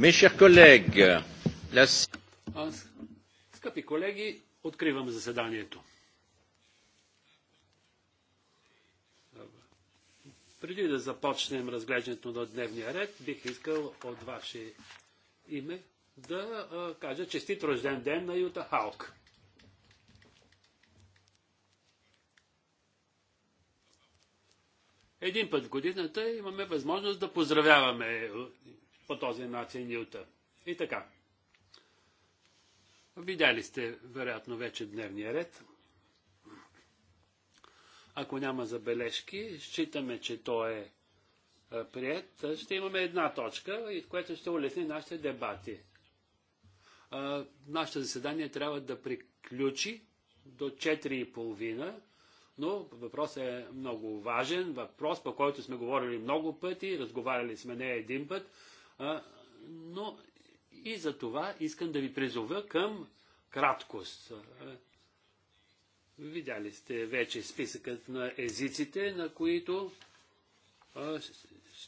Mes chers collègues, la... Скъпи колеги, откривам заседанието. Преди да започнем разглеждането на дневния ред, бих искал от ваше име да кажа честит рожден ден на Юта Халк. Един път в годината имаме възможност да поздравяваме по този начин Нюта. И така. Видяли сте, вероятно, вече дневния ред. Ако няма забележки, считаме, че той е, е прият. Ще имаме една точка, в която ще улесни нашите дебати. Нашето заседание трябва да приключи до 4.30, но въпросът е много важен. Въпрос, по който сме говорили много пъти, разговаряли сме не един път но и за това искам да ви призова към краткост. Видяли сте вече списъкът на езиците, на които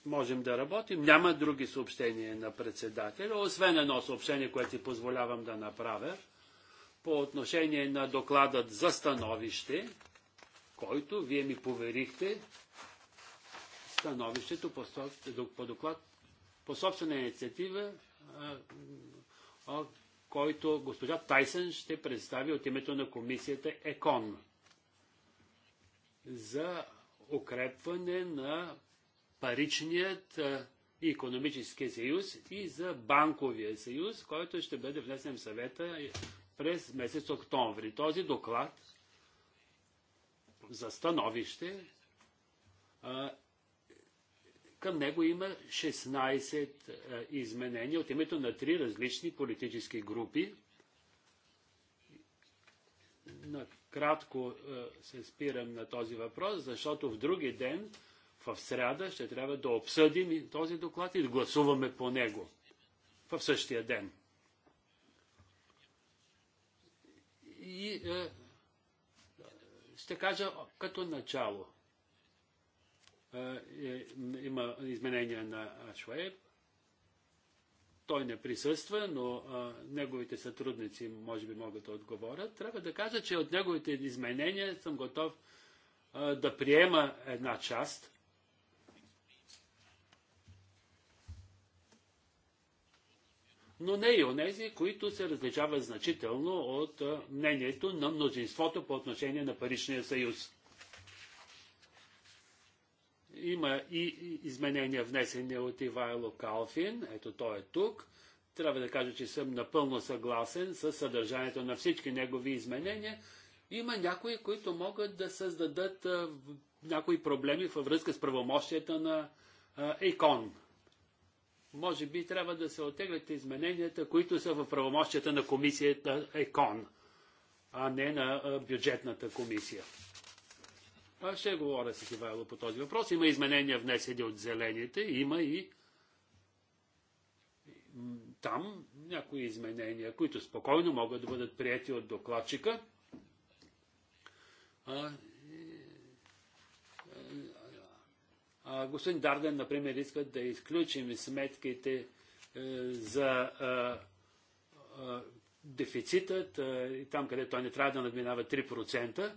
можем да работим. Няма други съобщения на председателя, освен едно съобщение, което си позволявам да направя по отношение на докладът за становище, който вие ми поверихте становището по, по доклад по собствена инициатива, който госпожа Тайсън ще представи от името на комисията ЕКОН за укрепване на паричният и економическия съюз и за банковия съюз, който ще бъде внесен в съвета през месец октомври. Този доклад за становище към него има 16 е, изменения от името на три различни политически групи. Накратко е, се спирам на този въпрос, защото в други ден, в сряда, ще трябва да обсъдим този доклад и да гласуваме по него в същия ден. И е, ще кажа като начало – е, е, има изменения на Швейб, Той не присъства, но а, неговите сътрудници може би могат да отговорят. Трябва да кажа, че от неговите изменения съм готов а, да приема една част. Но не и онези, които се различават значително от а, мнението на мнозинството по отношение на Паричния съюз. Има и изменения внесени от Ивайло Калфин, ето той е тук. Трябва да кажа, че съм напълно съгласен с съдържанието на всички негови изменения. Има някои, които могат да създадат някои проблеми във връзка с правомощията на ЕКОН. Може би трябва да се отеглят измененията, които са в правомощията на комисията ЕКОН, а не на бюджетната комисия. Ще говоря с Ивайло по този въпрос. Има изменения внесени от зелените, има и там някои изменения, които спокойно могат да бъдат прияти от докладчика. А, а, господин Дарден, например, иска да изключим сметките е, за е, дефицитът и там, където той не трябва да надминава 3%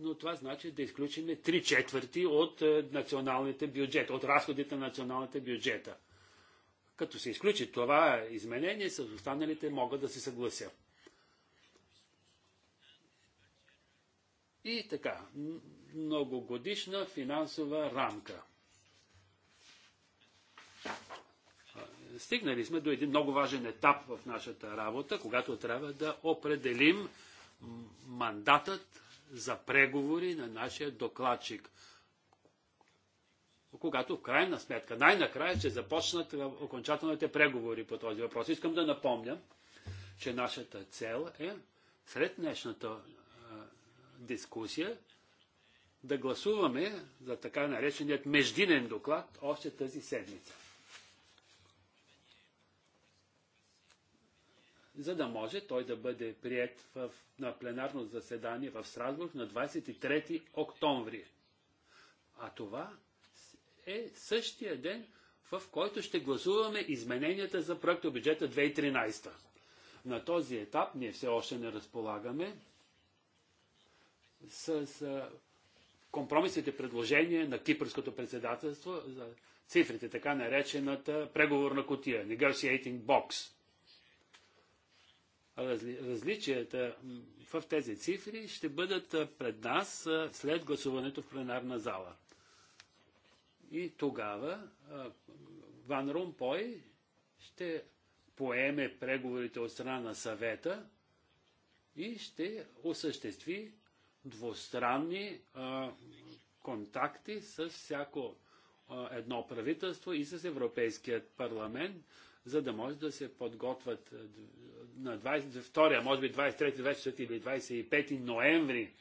но това значи да изключим три четвърти от е, националните бюджет, от разходите на националните бюджета. Като се изключи това изменение, с останалите могат да се съглася. И така, многогодишна финансова рамка. Стигнали сме до един много важен етап в нашата работа, когато трябва да определим мандатът за преговори на нашия докладчик. Когато в крайна сметка, най-накрая ще започнат окончателните преговори по този въпрос. Искам да напомня, че нашата цел е сред днешната а, дискусия да гласуваме за така нареченият междинен доклад още тази седмица. за да може той да бъде прият в, на пленарно заседание в Страсбург на 23 октомври. А това е същия ден, в който ще гласуваме измененията за бюджета 2013. На този етап ние все още не разполагаме с компромисните предложения на кипърското председателство за цифрите, така наречената преговорна котия, negotiating box различията в тези цифри ще бъдат пред нас след гласуването в пленарна зала. И тогава Ван Румпой ще поеме преговорите от страна на съвета и ще осъществи двустранни контакти с всяко едно правителство и с Европейският парламент, за да може да се подготвят на 22, може би 23, 24 или 25 ноември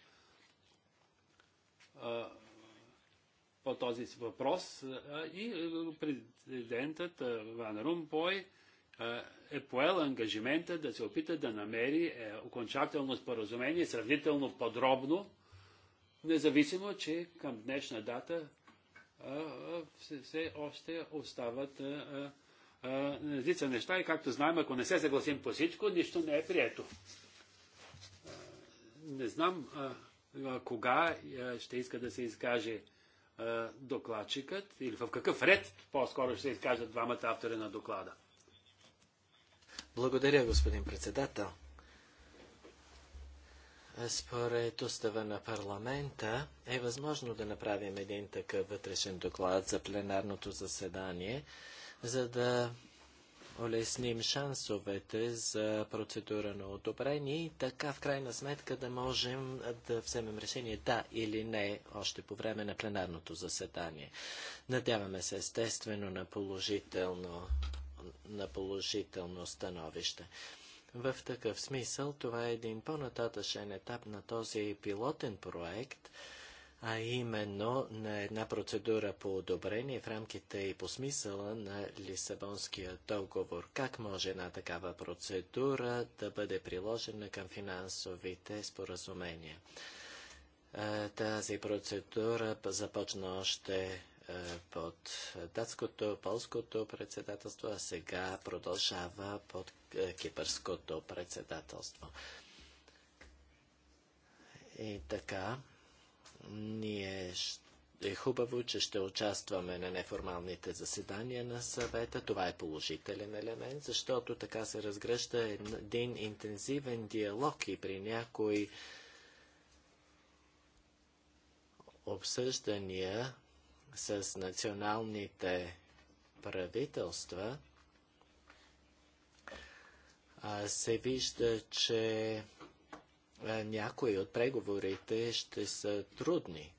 по този въпрос и президентът Ван Румпой е поел ангажимента да се опита да намери е, окончателно споразумение, сравнително подробно, независимо, че към днешна дата все, още остават а, редица неща и както знаем, ако не се съгласим по всичко, нищо не е прието. Не знам кога ще иска да се изкаже докладчикът или в какъв ред по-скоро ще се изкажат двамата автори на доклада. Благодаря, господин председател. Според устава на парламента е възможно да направим един такъв вътрешен доклад за пленарното заседание, за да улесним шансовете за процедура на одобрение и така в крайна сметка да можем да вземем решение да или не още по време на пленарното заседание. Надяваме се естествено на положително, на положително становище. В такъв смисъл това е един по-нататъчен етап на този пилотен проект – а именно на една процедура по одобрение в рамките и по смисъла на Лисабонския договор. Как може една такава процедура да бъде приложена към финансовите споразумения? Тази процедура започна още под датското, полското председателство, а сега продължава под кипърското председателство. И така, ние е хубаво, че ще участваме на неформалните заседания на съвета. Това е положителен елемент, защото така се разгръща един интензивен диалог и при някои обсъждания с националните правителства се вижда, че е, някои от преговорите ще са трудни,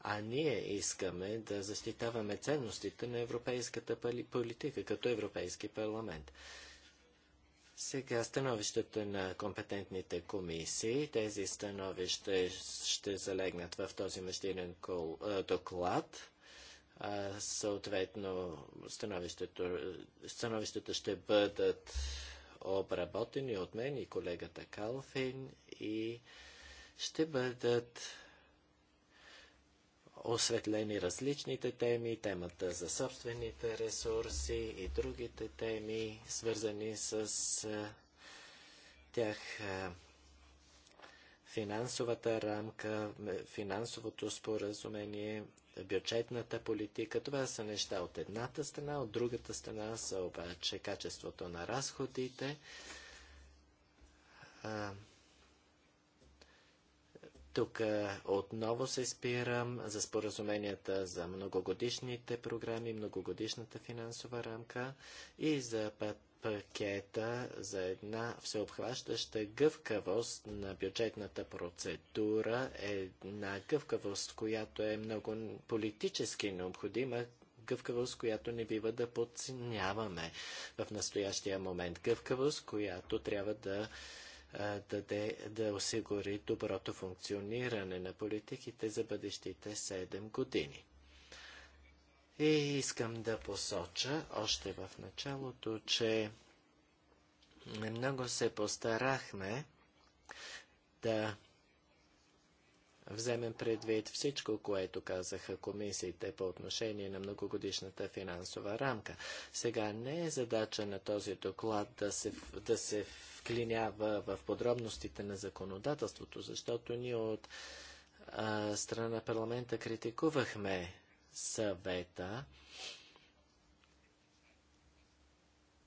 а ние искаме да защитаваме ценностите на европейската политика като Европейски парламент. Сега становищата на компетентните комисии, тези становища ще залегнат в този междинен е, доклад. съответно, становищата ще бъдат обработени от мен и колегата Калфин и ще бъдат осветлени различните теми, темата за собствените ресурси и другите теми, свързани с тях финансовата рамка, финансовото споразумение, бюджетната политика. Това са неща от едната страна, от другата страна са обаче качеството на разходите тук отново се спирам за споразуменията за многогодишните програми, многогодишната финансова рамка и за пакета за една всеобхващаща гъвкавост на бюджетната процедура, една гъвкавост, която е много политически необходима, гъвкавост, която не бива да подценяваме в настоящия момент, гъвкавост, която трябва да де, да осигури доброто функциониране на политиките за бъдещите 7 години. И искам да посоча още в началото, че много се постарахме да вземем предвид всичко, което казаха комисиите по отношение на многогодишната финансова рамка. Сега не е задача на този доклад да се, да се вклинява в подробностите на законодателството, защото ние от а, страна на парламента критикувахме съвета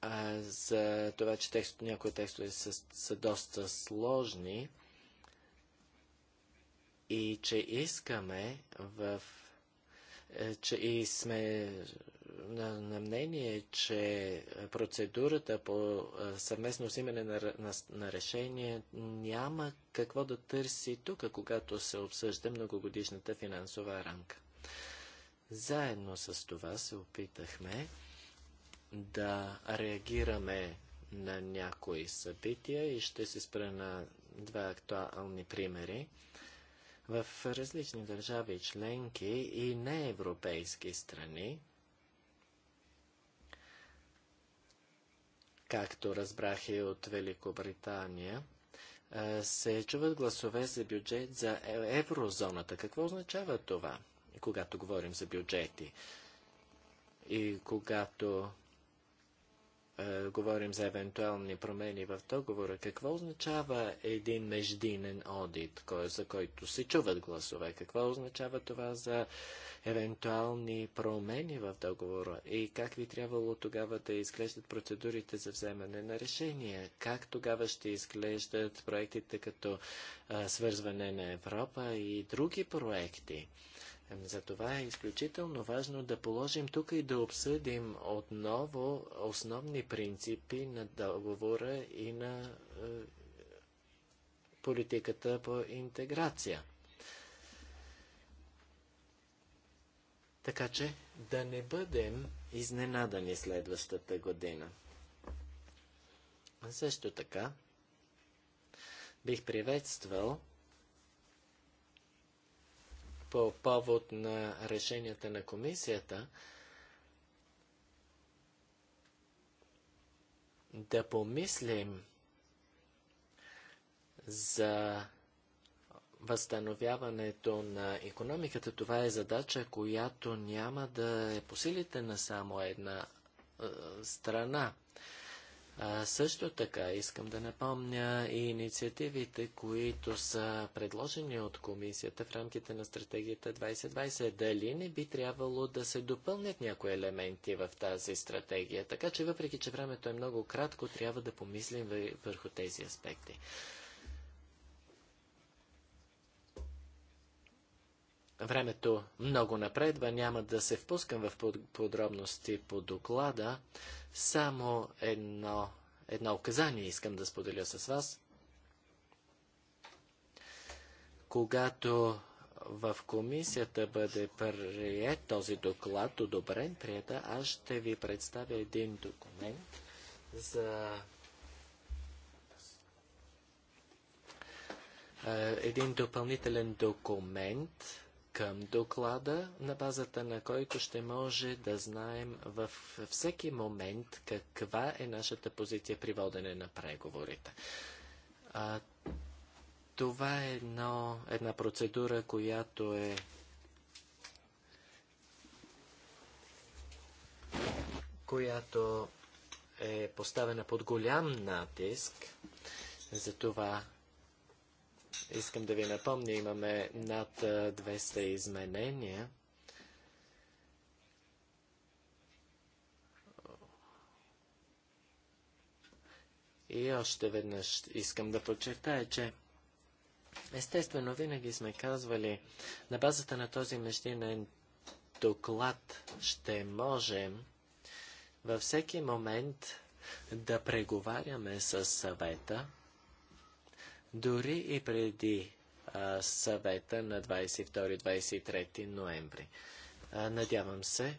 а, за това, че текст, някои текстове са, са доста сложни и че искаме в е, че и сме на, на мнение, че процедурата по съвместно взимане на, на, на решение няма какво да търси тук, когато се обсъжда многогодишната финансова рамка. Заедно с това се опитахме да реагираме на някои събития и ще се спра на два актуални примери. В различни държави членки и неевропейски страни както разбрах и от Великобритания, се чуват гласове за бюджет за е, еврозоната. Какво означава това, когато говорим за бюджети? И когато е, говорим за евентуални промени в договора, какво означава един междинен одит, кой, за който се чуват гласове? Какво означава това за евентуални промени в договора и как ви трябвало тогава да изглеждат процедурите за вземане на решения? Как тогава ще изглеждат проектите като а, свързване на Европа и други проекти? Затова е изключително важно да положим тук и да обсъдим отново основни принципи на договора и на е, политиката по интеграция. Така че да не бъдем изненадани следващата година. А също така бих приветствал по повод на решенията на комисията да помислим за възстановяването на економиката. Това е задача, която няма да е по силите на само една страна. А, също така искам да напомня и инициативите, които са предложени от комисията в рамките на стратегията 2020. Дали не би трябвало да се допълнят някои елементи в тази стратегия? Така че, въпреки че времето е много кратко, трябва да помислим върху тези аспекти. Времето много напредва, няма да се впускам в подробности по доклада, само едно, едно указание искам да споделя с вас. Когато в комисията бъде прият този доклад, одобрен, прията, аз ще ви представя един документ за е, един допълнителен документ, към доклада, на базата на който ще може да знаем във всеки момент каква е нашата позиция при водене на преговорите. А, това е едно, една процедура, която е която е поставена под голям натиск. Затова Искам да ви напомня, имаме над 200 изменения. И още веднъж искам да подчертая, че естествено винаги сме казвали, на базата на този междинен доклад ще можем във всеки момент да преговаряме с съвета дори и преди а, съвета на 22-23 ноември. А, надявам се,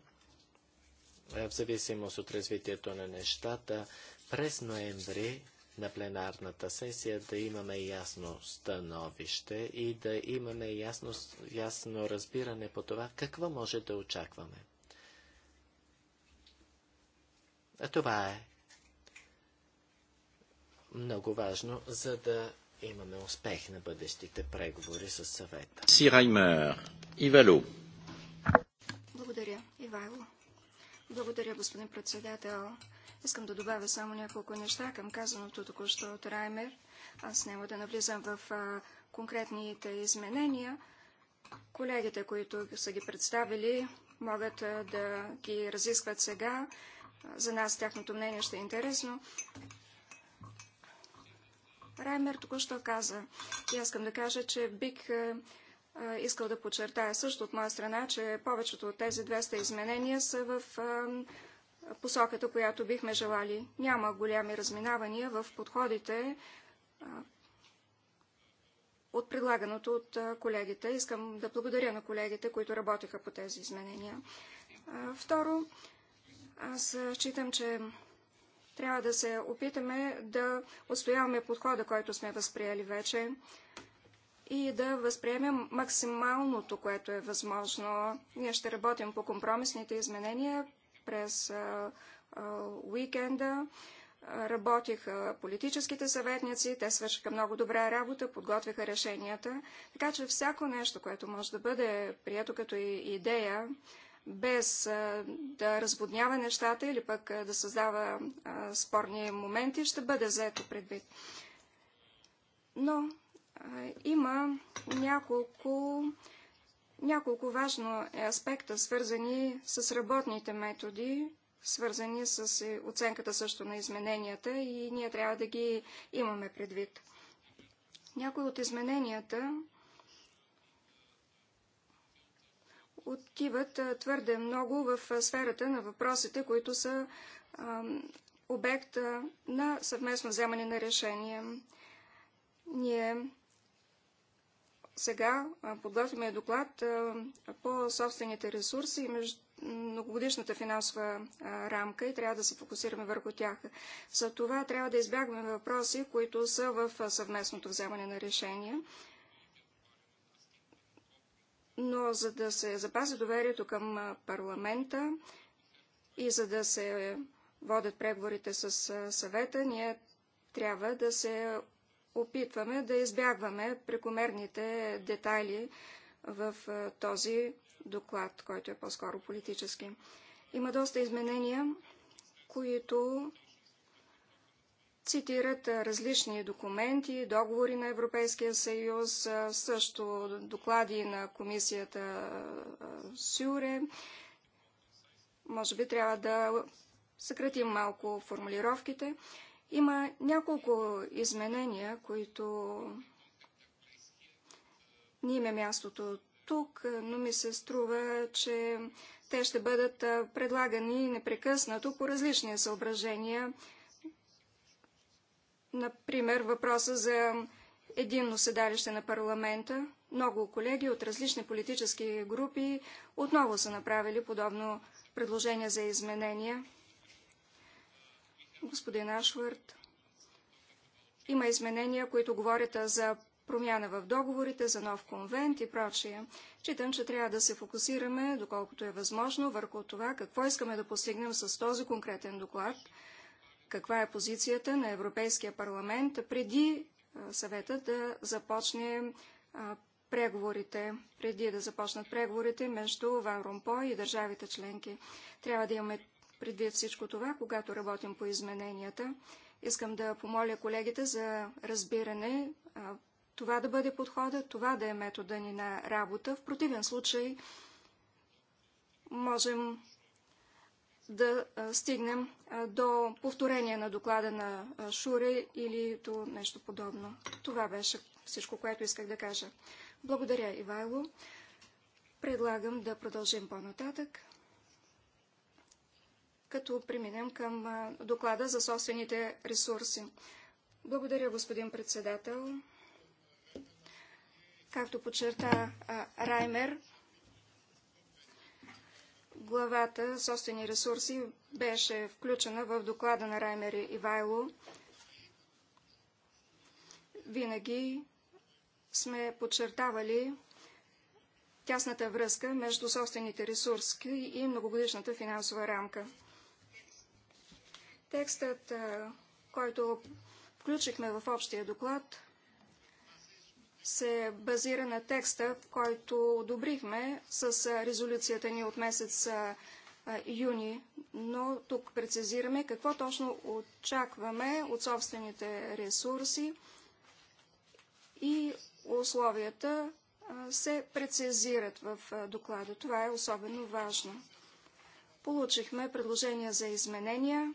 в зависимост от развитието на нещата, през ноември на пленарната сесия да имаме ясно становище и да имаме ясно, ясно разбиране по това какво може да очакваме. А това е много важно, за да имаме успех на бъдещите преговори с съвета. Сираймер, Ивало. Благодаря, Ивайло. Благодаря, господин председател. Искам да добавя само няколко неща към казаното току-що от Раймер. Аз няма да навлизам в а, конкретните изменения. Колегите, които са ги представили, могат а, да ги разискват сега. За нас тяхното мнение ще е интересно. Раймер току-що каза. И аз искам да кажа, че бих е, е, искал да подчертая също от моя страна, че повечето от тези 200 изменения са в е, посоката, която бихме желали. Няма голями разминавания в подходите от предлаганото от колегите. Искам да благодаря на колегите, които работиха по тези изменения. Второ, аз считам, че трябва да се опитаме да отстояваме подхода, който сме възприели вече и да възприемем максималното, което е възможно. Ние ще работим по компромисните изменения през а, а, уикенда. Работиха политическите съветници, те свършиха много добра работа, подготвиха решенията. Така че всяко нещо, което може да бъде прието като идея, без да разводнява нещата или пък да създава спорни моменти, ще бъде взето предвид. Но има няколко, няколко важно аспекта, свързани с работните методи, свързани с оценката също на измененията и ние трябва да ги имаме предвид. Някои от измененията отиват твърде много в сферата на въпросите, които са обект на съвместно вземане на решения. Ние сега подготвяме доклад по собствените ресурси и между многогодишната финансова рамка и трябва да се фокусираме върху тях. За това трябва да избягваме въпроси, които са в съвместното вземане на решения но за да се запази доверието към парламента и за да се водят преговорите с съвета, ние трябва да се опитваме да избягваме прекомерните детайли в този доклад, който е по-скоро политически. Има доста изменения, които цитират различни документи, договори на Европейския съюз, също доклади на комисията Сюре. Може би трябва да съкратим малко формулировките. Има няколко изменения, които не има е мястото тук, но ми се струва, че те ще бъдат предлагани непрекъснато по различни съображения – Например, въпроса за единно седалище на парламента. Много колеги от различни политически групи отново са направили подобно предложение за изменения. Господин Ашвард, има изменения, които говорят за промяна в договорите, за нов конвент и прочие. Читам, че трябва да се фокусираме, доколкото е възможно, върху това какво искаме да постигнем с този конкретен доклад – каква е позицията на Европейския парламент преди съвета да започне преговорите, преди да започнат преговорите между Ван и държавите членки. Трябва да имаме предвид всичко това, когато работим по измененията. Искам да помоля колегите за разбиране, това да бъде подхода, това да е метода ни на работа. В противен случай можем да стигнем до повторение на доклада на Шуре или до нещо подобно. Това беше всичко, което исках да кажа. Благодаря, Ивайло. Предлагам да продължим по-нататък, като преминем към доклада за собствените ресурси. Благодаря, господин председател. Както подчерта Раймер, Главата собствени ресурси беше включена в доклада на Раймер и Вайло. Винаги сме подчертавали тясната връзка между собствените ресурси и многогодишната финансова рамка. Текстът, който включихме в общия доклад, се базира на текста, който одобрихме с резолюцията ни от месец юни, но тук прецизираме какво точно очакваме от собствените ресурси и условията се прецизират в доклада. Това е особено важно. Получихме предложения за изменения.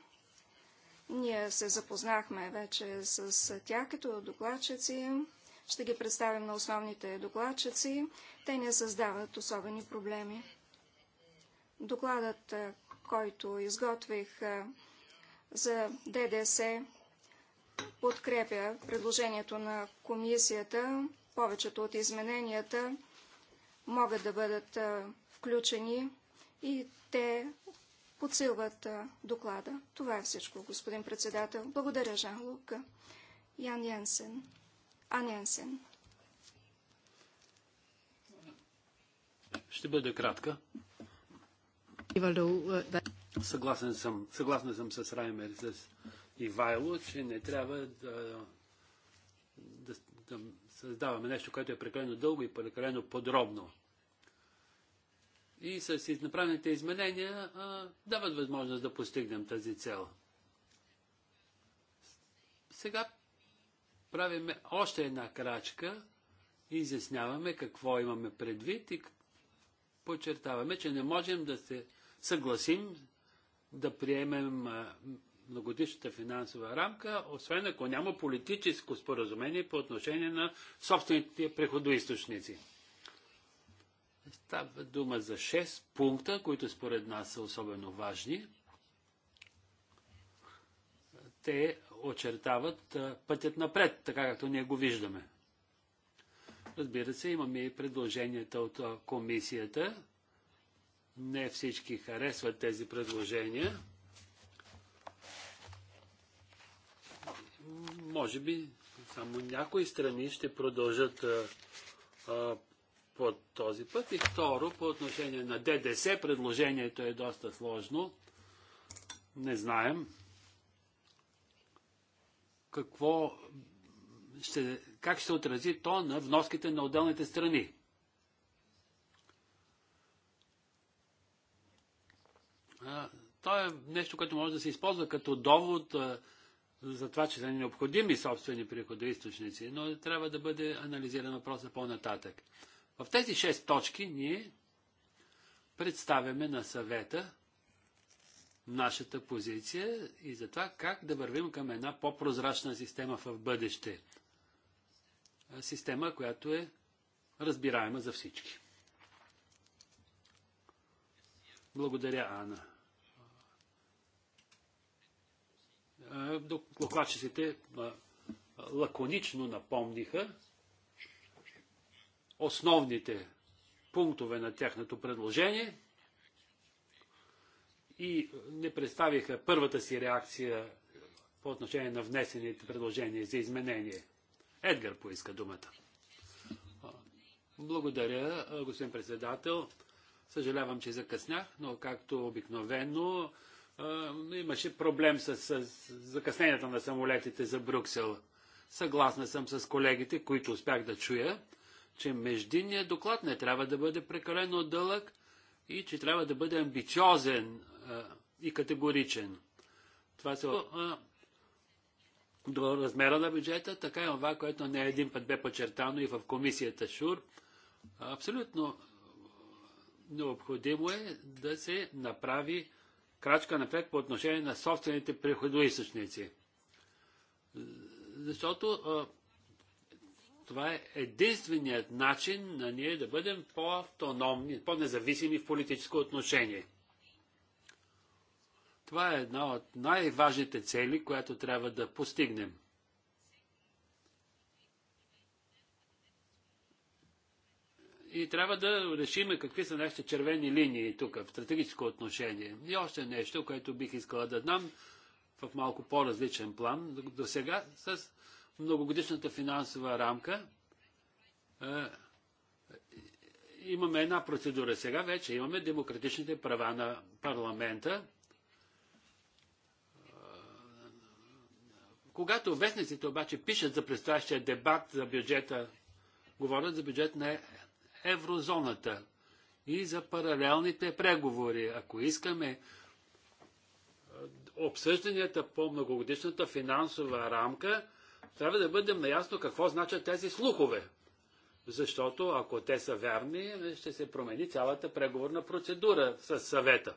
Ние се запознахме вече с тях като докладчици. Ще ги представим на основните докладчици. Те не създават особени проблеми. Докладът, който изготвих за ДДС, подкрепя предложението на комисията. Повечето от измененията могат да бъдат включени и те подсилват доклада. Това е всичко, господин председател. Благодаря, Жан Лука. Ян Янсен. Аненсен. Ще бъда кратка. Съгласен съм, съгласен съм с Раймер, с Ивайло, че не трябва да, да, да създаваме нещо, което е прекалено дълго и прекалено подробно. И с направените изменения а, дават възможност да постигнем тази цел. Сега правим още една крачка и изясняваме какво имаме предвид и подчертаваме, че не можем да се съгласим да приемем многодишната финансова рамка, освен ако няма политическо споразумение по отношение на собствените преходоисточници. Става дума за 6 пункта, които според нас са особено важни. Те очертават пътят напред, така както ние го виждаме. Разбира се, имаме и предложенията от комисията. Не всички харесват тези предложения. Може би само някои страни ще продължат а, а, по този път. И второ, по отношение на ДДС, предложението е доста сложно. Не знаем какво ще, как ще се отрази то на вноските на отделните страни. То е нещо, което може да се използва като довод за това, че са необходими собствени приходоисточници, но трябва да бъде анализиран въпроса по-нататък. В тези шест точки ние представяме на съвета нашата позиция и за това как да вървим към една по-прозрачна система в бъдеще. Система, която е разбираема за всички. Благодаря, Ана. Докладчиците лаконично напомниха основните пунктове на тяхното предложение и не представиха първата си реакция по отношение на внесените предложения за изменение. Едгар поиска думата. Благодаря, господин председател. Съжалявам, че закъснях, но както обикновено имаше проблем с, закъсненията на самолетите за Брюксел. Съгласна съм с колегите, които успях да чуя, че междинният доклад не трябва да бъде прекалено дълъг и че трябва да бъде амбициозен и категоричен. Това се до размера на бюджета, така и това, което не един път бе подчертано и в комисията ШУР. Абсолютно необходимо е да се направи крачка напред по отношение на собствените приходоисточници. Защото това е единственият начин на ние да бъдем по-автономни, по-независими в политическо отношение. Това е една от най-важните цели, която трябва да постигнем. И трябва да решим какви са нашите червени линии тук в стратегическо отношение. И още нещо, което бих искала да знам в малко по-различен план до сега с многогодишната финансова рамка. Е, имаме една процедура сега, вече имаме демократичните права на парламента Когато вестниците обаче пишат за предстоящия дебат за бюджета, говорят за бюджет на еврозоната и за паралелните преговори. Ако искаме обсъжданията по многогодишната финансова рамка, трябва да бъдем наясно какво значат тези слухове. Защото ако те са вярни, ще се промени цялата преговорна процедура с съвета.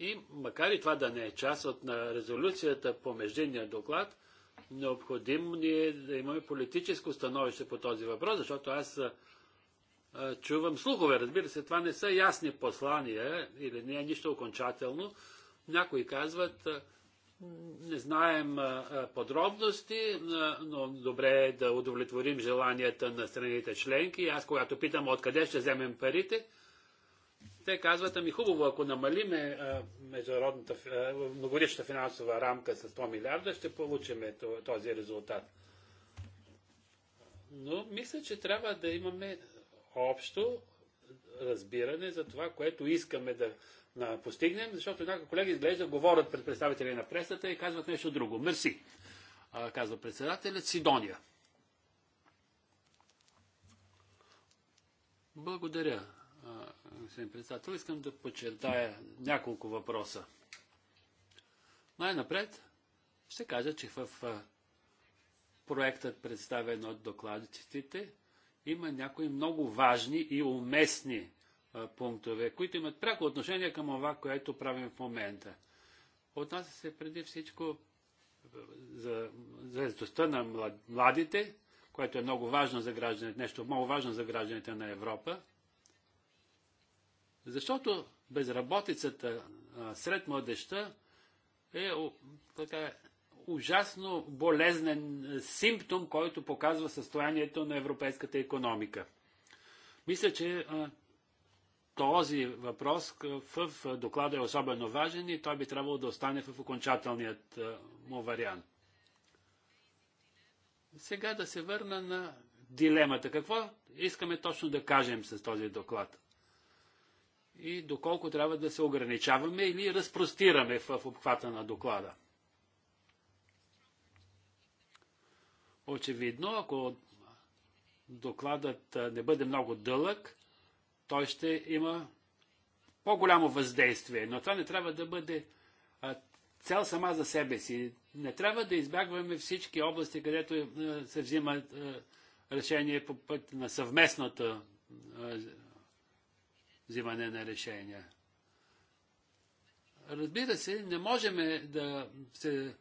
И макар и това да не е част от на резолюцията по междинния доклад, необходимо ни е да имаме политическо становище по този въпрос, защото аз а, чувам слухове. Разбира се, това не са ясни послания или не е нищо окончателно. Някои казват, а, не знаем а, подробности, но добре е да удовлетворим желанията на страните членки. Аз, когато питам откъде ще вземем парите, те казват, ами хубаво, ако намалиме международната, многорична финансова рамка с 100 милиарда, ще получиме този резултат. Но мисля, че трябва да имаме общо разбиране за това, което искаме да постигнем, защото някои колеги изглежда говорят пред представители на пресата и казват нещо друго. Мерси, казва председателят Сидония. Благодаря господин председател. Искам да подчертая няколко въпроса. Най-напред ще кажа, че в проектът, представен от докладчиците, има някои много важни и уместни пунктове, които имат пряко отношение към това, което правим в момента. Отнася се преди всичко за заедостта на младите, което е много важно за гражданите, нещо много важно за гражданите на Европа. Защото безработицата сред младеща е така, ужасно болезнен симптом, който показва състоянието на европейската економика. Мисля, че този въпрос в доклада е особено важен и той би трябвало да остане в окончателният му вариант. Сега да се върна на дилемата. Какво искаме точно да кажем с този доклад? и доколко трябва да се ограничаваме или разпростираме в обхвата на доклада. Очевидно, ако докладът не бъде много дълъг, той ще има по-голямо въздействие, но това не трябва да бъде цел сама за себе си. Не трябва да избягваме всички области, където се взимат решение по път на съвместната взимане на решения. Разбира се, не можем да се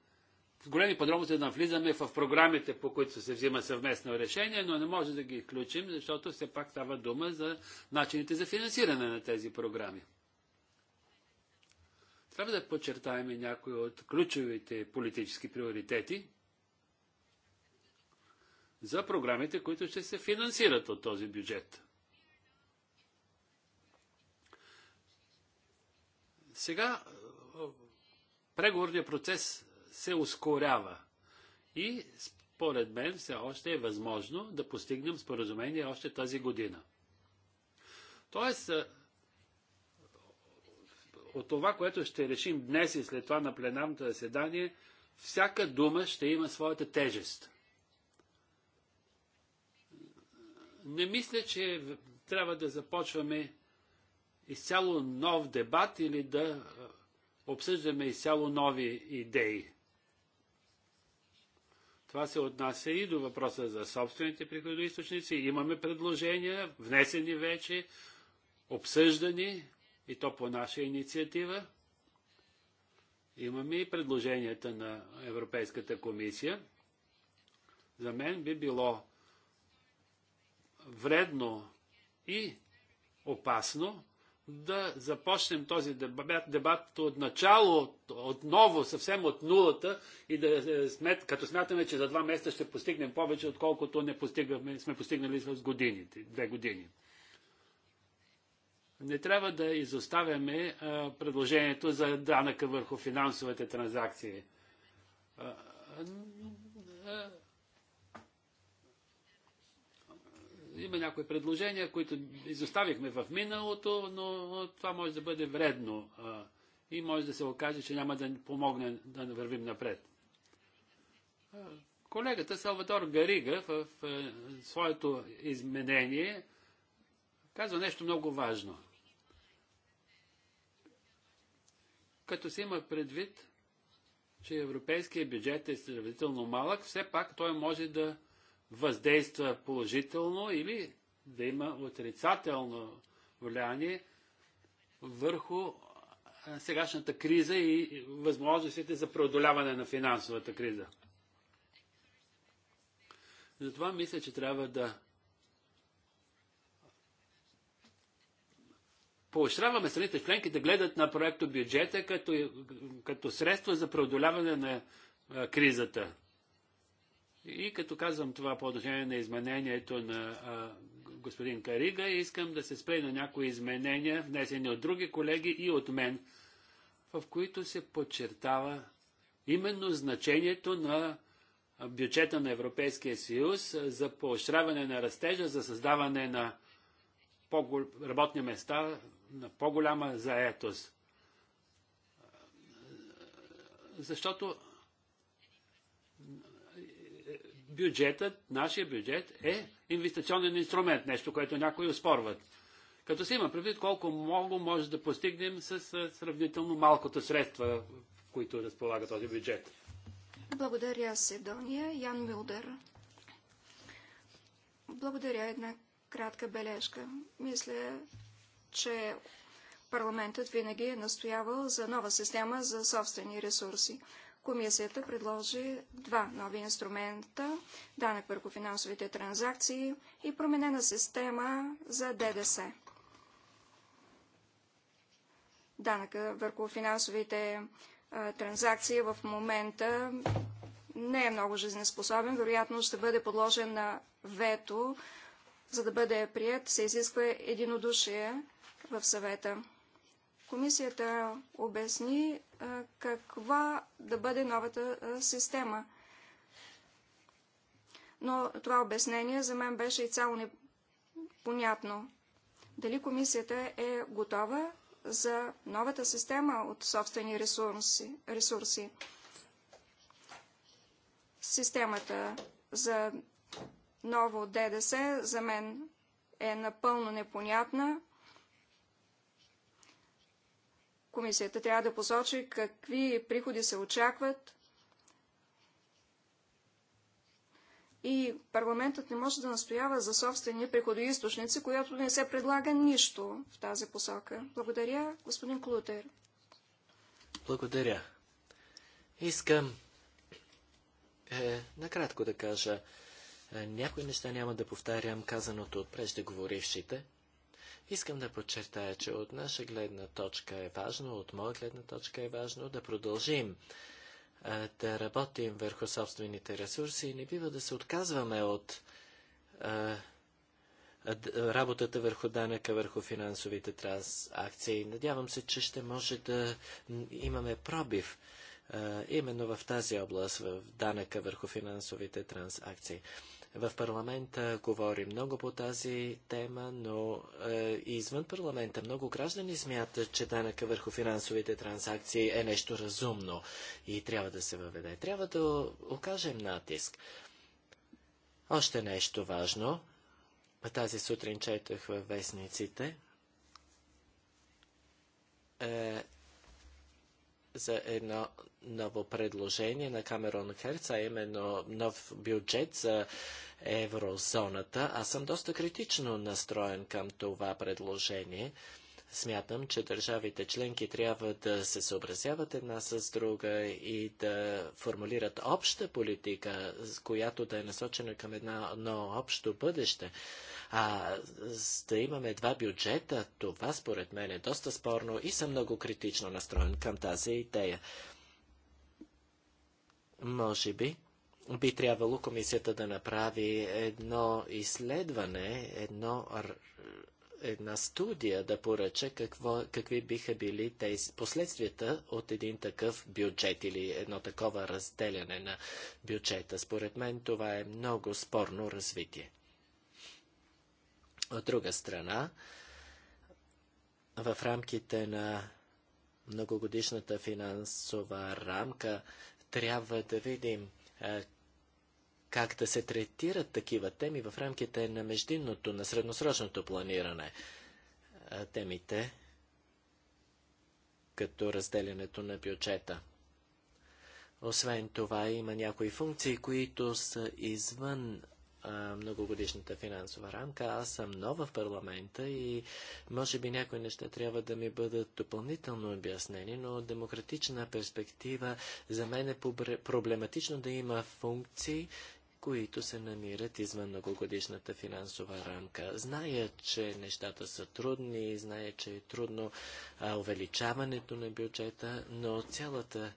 в големи подробности да навлизаме в програмите, по които се взима съвместно решение, но не може да ги включим, защото все пак става дума за начините за финансиране на тези програми. Трябва да подчертаем някои от ключовите политически приоритети за програмите, които ще се финансират от този бюджет. Сега е, преговорният процес се ускорява и според мен все още е възможно да постигнем споразумение още тази година. Тоест, е, от това, което ще решим днес и след това на пленарното заседание, всяка дума ще има своята тежест. Не мисля, че трябва да започваме изцяло нов дебат или да обсъждаме изцяло нови идеи. Това се отнася и до въпроса за собствените приходоисточници. Имаме предложения, внесени вече, обсъждани и то по наша инициатива. Имаме и предложенията на Европейската комисия. За мен би било вредно и опасно да започнем този дебат, дебат от начало, отново, съвсем от нулата и да е, смет, като смятаме, че за два месеца ще постигнем повече, отколкото не постигаме, сме постигнали с годините, две години. Не трябва да изоставяме а, е, предложението за данъка върху финансовите транзакции. А, е, а, има някои предложения, които изоставихме в миналото, но това може да бъде вредно а, и може да се окаже, че няма да ни помогне да вървим напред. А, колегата Салвадор Гарига в, в, в е, своето изменение казва нещо много важно. Като се има предвид, че европейския бюджет е сравнително малък, все пак той може да въздейства положително или да има отрицателно влияние върху сегашната криза и възможностите за преодоляване на финансовата криза. Затова мисля, че трябва да поощряваме страните членки да гледат на проекто бюджета като, като средство за преодоляване на кризата. И като казвам това по отношение на изменението на а, господин Карига, искам да се спре на някои изменения, внесени от други колеги и от мен, в които се подчертава именно значението на бюджета на Европейския съюз за поощряване на растежа, за създаване на работни места, на по-голяма заетост. Защото бюджетът, нашия бюджет е инвестиционен инструмент, нещо, което някои оспорват. Като се има предвид колко много може да постигнем с сравнително малкото средства, които разполага този бюджет. Благодаря, Седония. Ян Милдер. Благодаря. Една кратка бележка. Мисля, че парламентът винаги е настоявал за нова система за собствени ресурси. Комисията предложи два нови инструмента – данък върху финансовите транзакции и променена система за ДДС. Данък върху финансовите а, транзакции в момента не е много жизнеспособен, вероятно ще бъде подложен на вето. За да бъде прият, се изисква единодушие в съвета. Комисията обясни каква да бъде новата система. Но това обяснение за мен беше и цяло непонятно. Дали комисията е готова за новата система от собствени ресурси? ресурси. Системата за ново ДДС за мен е напълно непонятна. Комисията трябва да посочи какви приходи се очакват и парламентът не може да настоява за собствени приходоисточници, която не се предлага нищо в тази посока. Благодаря, господин Клутер. Благодаря. Искам е, накратко да кажа, е, някои неща няма да повтарям казаното от преждеговорившите. Искам да подчертая, че от наша гледна точка е важно, от моя гледна точка е важно да продължим а, да работим върху собствените ресурси и не бива да се отказваме от а, работата върху данъка, върху финансовите трансакции. Надявам се, че ще може да имаме пробив а, именно в тази област, в данъка върху финансовите трансакции. В парламента говори много по тази тема, но е, извън парламента много граждани смятат, че данъка върху финансовите транзакции е нещо разумно и трябва да се въведе. Трябва да окажем натиск. Още нещо важно. Тази сутрин четох във вестниците. Е, за едно ново предложение на Камерон Херц, а именно нов бюджет за еврозоната. Аз съм доста критично настроен към това предложение. Смятам, че държавите членки трябва да се съобразяват една с друга и да формулират обща политика, която да е насочена към едно, едно общо бъдеще. А да имаме два бюджета, това според мен е доста спорно и съм много критично настроен към тази идея. Може би би трябвало комисията да направи едно изследване, едно една студия да поръча какво, какви биха били тези последствията от един такъв бюджет или едно такова разделяне на бюджета. Според мен това е много спорно развитие. От друга страна, в рамките на многогодишната финансова рамка трябва да видим как да се третират такива теми в рамките на междинното, на средносрочното планиране. Темите като разделянето на бюджета. Освен това, има някои функции, които са извън а, многогодишната финансова рамка. Аз съм нова в парламента и може би някои неща трябва да ми бъдат допълнително обяснени, но демократична перспектива за мен е проблематично да има функции, които се намират извън многогодишната финансова рамка. Зная, че нещата са трудни, зная, че е трудно а, увеличаването на бюджета, но цялата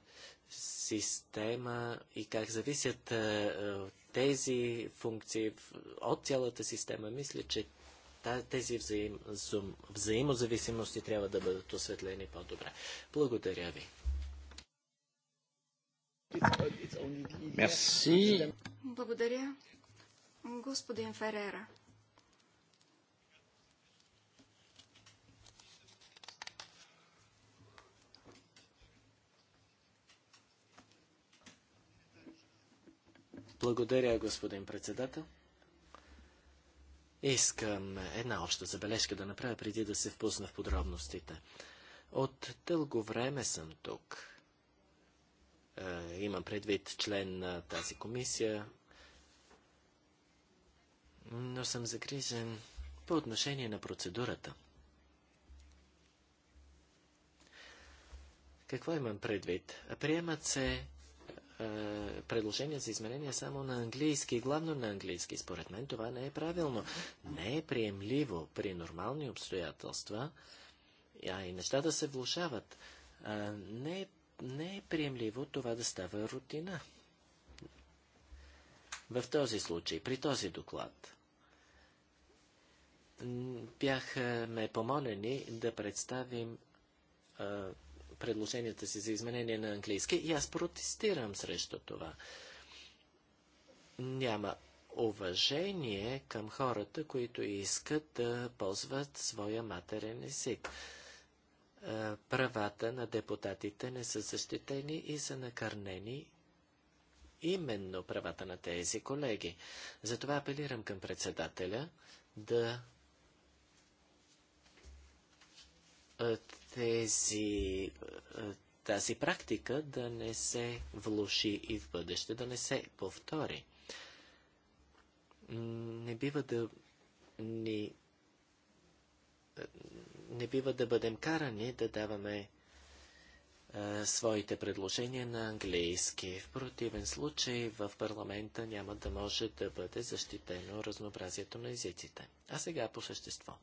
система и как зависят а, тези функции от цялата система, мисля, че тези взаим... взаимозависимости трябва да бъдат осветлени по-добре. Благодаря ви. Мерси. Благодаря. Господин Ферера. Благодаря, господин председател. Искам една обща забележка да направя преди да се впусна в подробностите. От дълго време съм тук е, имам предвид член на тази комисия, но съм загрижен по отношение на процедурата. Какво имам предвид? Приемат се е, предложения за изменения само на английски, главно на английски. Според мен това не е правилно. Не е приемливо при нормални обстоятелства, а и нещата се влушават. Е, не е не е приемливо това да става рутина. В този случай, при този доклад, бяхме помолени да представим а, предложенията си за изменение на английски и аз протестирам срещу това. Няма уважение към хората, които искат да ползват своя матерен език правата на депутатите не са защитени и са накърнени именно правата на тези колеги. Затова апелирам към председателя да тези, тази практика да не се влуши и в бъдеще, да не се повтори. Не бива да ни не бива да бъдем карани да даваме а, своите предложения на английски. В противен случай в парламента няма да може да бъде защитено разнообразието на езиците. А сега по същество.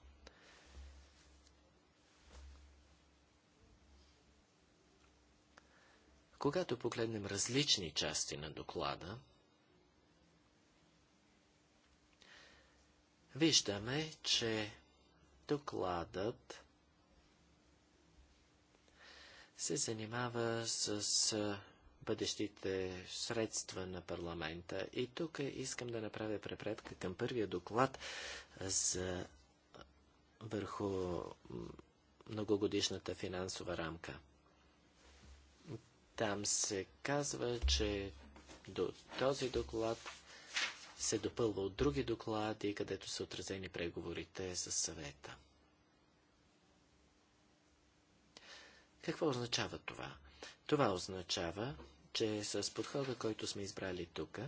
Когато погледнем различни части на доклада, виждаме, че Докладът се занимава с бъдещите средства на парламента. И тук искам да направя препредка към първия доклад за върху многогодишната финансова рамка. Там се казва, че до този доклад се допълва от други доклади, където са отразени преговорите с съвета. Какво означава това? Това означава, че с подхода, който сме избрали тук,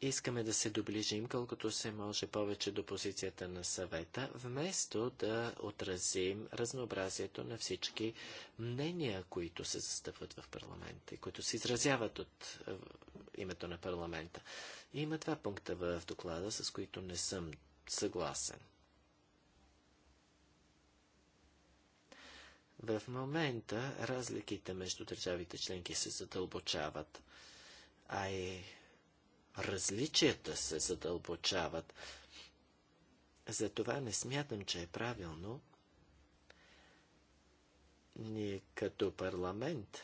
искаме да се доближим колкото се може повече до позицията на съвета, вместо да отразим разнообразието на всички мнения, които се застъпват в парламента и които се изразяват от името на парламента. И има два пункта в доклада, с които не съм съгласен. В момента разликите между държавите членки се задълбочават, а и различията се задълбочават. Затова не смятам, че е правилно ние като парламент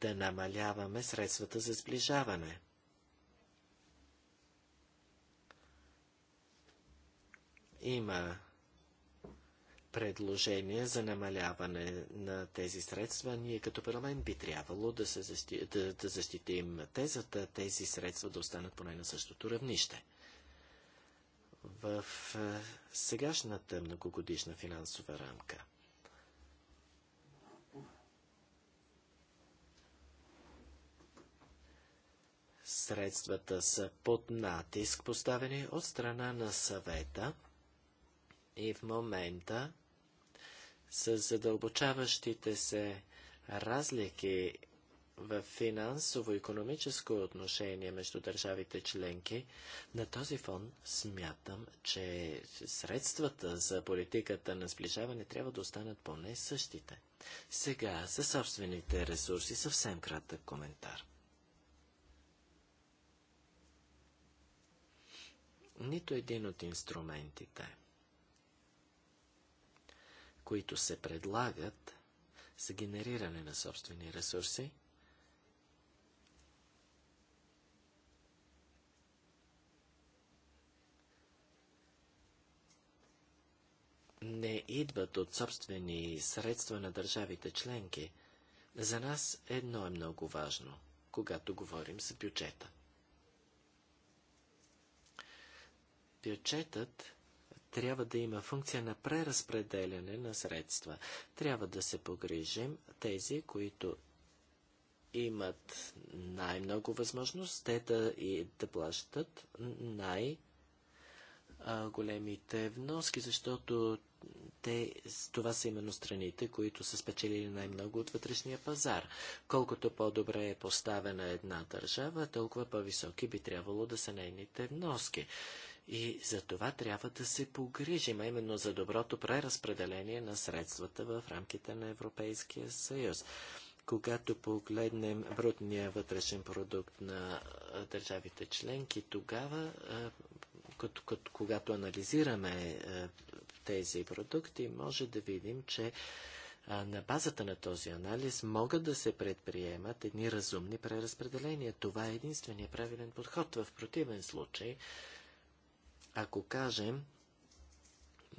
да намаляваме средствата за сближаване. Има предложение за намаляване на тези средства. Ние като парламент би трябвало да, се защи... да, да защитим тезата, тези средства да останат поне на същото равнище. В е, сегашната многогодишна финансова рамка средствата са под натиск, поставени от страна на съвета и в момента с задълбочаващите се разлики в финансово-економическо отношение между държавите членки, на този фон смятам, че средствата за политиката на сближаване трябва да останат поне същите. Сега за собствените ресурси съвсем кратък коментар. Нито един от инструментите, които се предлагат за генериране на собствени ресурси, не идват от собствени средства на държавите членки, за нас едно е много важно, когато говорим за бюджета. бюджетът трябва да има функция на преразпределяне на средства. Трябва да се погрижим тези, които имат най-много възможност, те да, и, да плащат най- големите вноски, защото те, това са именно страните, които са спечелили най-много от вътрешния пазар. Колкото по-добре е поставена една държава, толкова по-високи би трябвало да са нейните вноски. И за това трябва да се погрижим, а именно за доброто преразпределение на средствата в рамките на Европейския съюз. Когато погледнем брутния вътрешен продукт на държавите членки, тогава, като, като, когато анализираме тези продукти, може да видим, че на базата на този анализ могат да се предприемат едни разумни преразпределения. Това е единствения правилен подход. В противен случай ако кажем,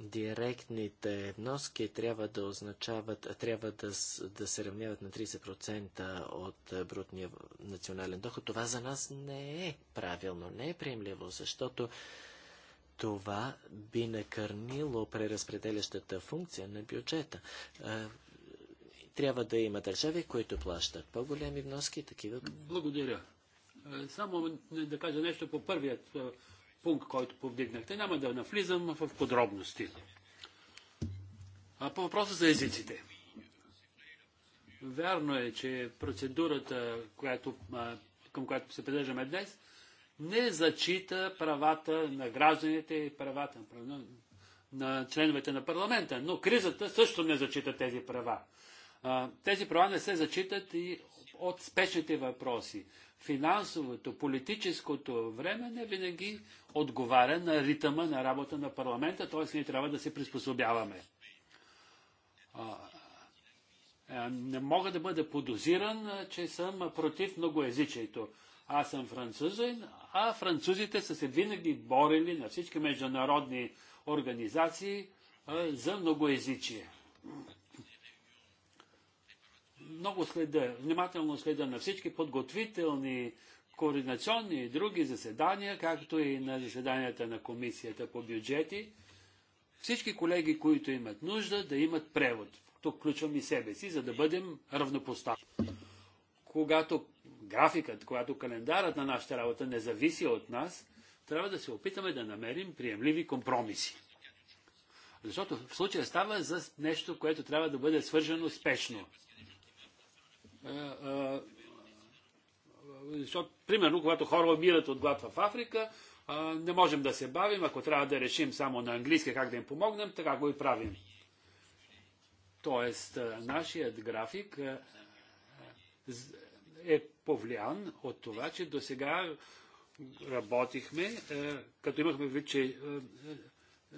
директните вноски трябва да означават, трябва да, да се равняват на 30% от е, брутния национален доход. Това за нас не е правилно, не е приемливо, защото това би накърнило преразпределящата функция на бюджета. Е, трябва да има държави, които плащат по-големи вноски, такива. Благодаря. Е, само да кажа нещо по първият пункт, който повдигнахте. Няма да навлизам в подробности. А по въпроса за езиците. Вярно е, че процедурата, която, към която се придържаме днес, не зачита правата на гражданите и правата на, на членовете на парламента. Но кризата също не зачита тези права. Тези права не се зачитат и от спешните въпроси. Финансовото, политическото време не винаги отговаря на ритъма на работа на парламента, т.е. ние трябва да се приспособяваме. Е, не мога да бъда подозиран, че съм против многоязичието. Аз съм французин, а французите са се винаги борили на всички международни организации за многоязичие много следа, внимателно следа на всички подготвителни, координационни и други заседания, както и на заседанията на комисията по бюджети. Всички колеги, които имат нужда, да имат превод. Тук включвам и себе си, за да бъдем равнопоставени. Когато графикът, когато календарът на нашата работа не зависи от нас, трябва да се опитаме да намерим приемливи компромиси. Защото в случая става за нещо, което трябва да бъде свържено спешно. Е, е, защото, примерно, когато хора умират от глад в Африка, е, не можем да се бавим. Ако трябва да решим само на английски как да им помогнем, така го и правим. Тоест, нашият график е повлиян от това, че до сега работихме, като имахме вид, че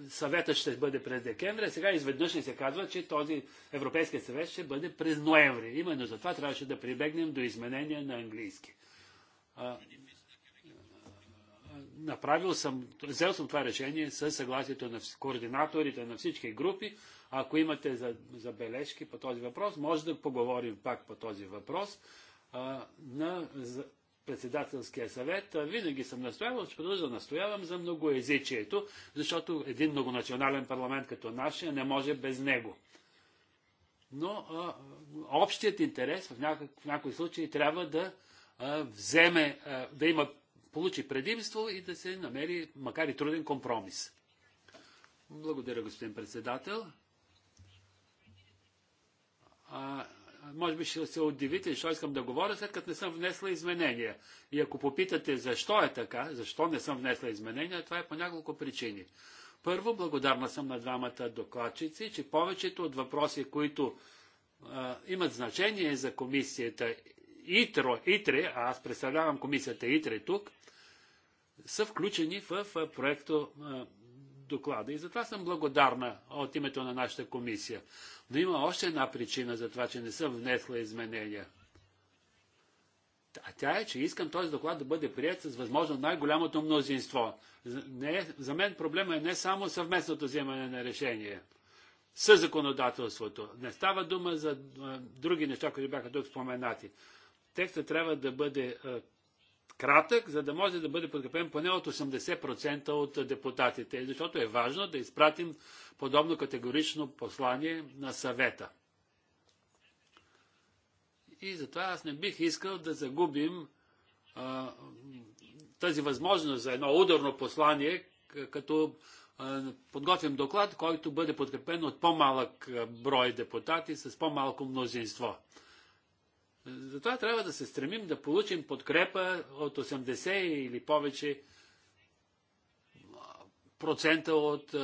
съветът ще бъде през декември, а сега изведнъж ни се казва, че този Европейски съвет ще бъде през ноември. Именно за това трябваше да прибегнем до изменения на английски. А, направил съм, взел съм това решение с съгласието на координаторите на всички групи. Ако имате забележки по този въпрос, може да поговорим пак по този въпрос а, на председателския съвет, винаги съм настоявал, ще продължа да настоявам за многоязичието, защото един многонационален парламент като нашия не може без него. Но а, общият интерес в, някак, в някои случаи трябва да а, вземе, а, да има, получи предимство и да се намери, макар и труден, компромис. Благодаря, господин председател. А, може би ще се удивите, защо искам да говоря, след като не съм внесла изменения. И ако попитате защо е така, защо не съм внесла изменения, това е по няколко причини. Първо, благодарна съм на двамата докладчици, че повечето от въпроси, които а, имат значение за комисията ИТРО, ИТРЕ, а аз представлявам комисията ИТРЕ тук, са включени в проекто доклада. И затова съм благодарна от името на нашата комисия. Но има още една причина за това, че не съм внесла изменения. А тя е, че искам този доклад да бъде прият с възможно най-голямото мнозинство. Не, е- за мен проблема е не само съвместното вземане на решение с законодателството. Не става дума за а, други неща, които бяха тук споменати. Текстът трябва да бъде кратък, за да може да бъде подкрепен поне от 80% от депутатите, защото е важно да изпратим подобно категорично послание на съвета. И затова аз не бих искал да загубим а, тази възможност за едно ударно послание, като а, подготвим доклад, който бъде подкрепен от по-малък брой депутати с по-малко мнозинство. Затова трябва да се стремим да получим подкрепа от 80 или повече процента от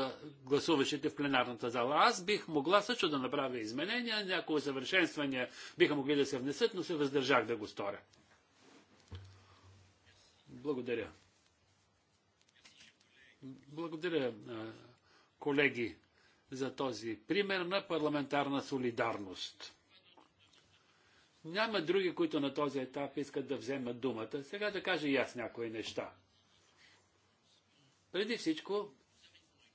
гласуващите в пленарната зала. Аз бих могла също да направя изменения, някои съвършенствания биха могли да се внесат, но се въздържах да го сторя. Благодаря. Благодаря, колеги, за този пример на парламентарна солидарност. Няма други, които на този етап искат да вземат думата. Сега да кажа и аз някои неща. Преди всичко,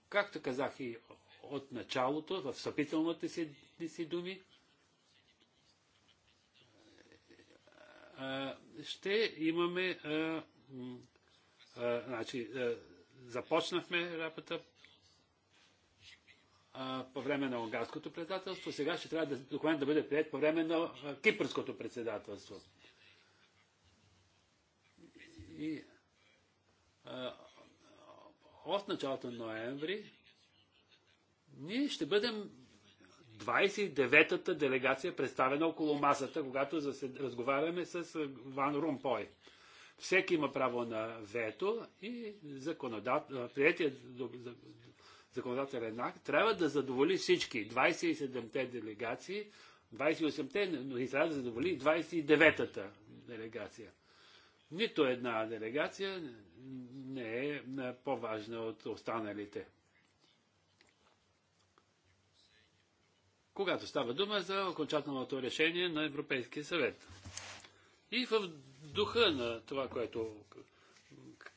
както казах и от началото, в съпителните си, си думи, ще имаме. значи, започнахме работа по време на унгарското председателство. Сега ще трябва да, документ да бъде прият по време на кипърското председателство. И а, от началото на ноември ние ще бъдем 29-та делегация, представена около масата, когато засед... разговаряме с Ван Румпой. Всеки има право на вето и законодател... приятият законодателен акт трябва да задоволи всички 27-те делегации, 28-те, но и трябва да задоволи 29-та делегация. Нито една делегация не е по-важна от останалите. Когато става дума за окончателното решение на Европейския съвет. И в духа на това, което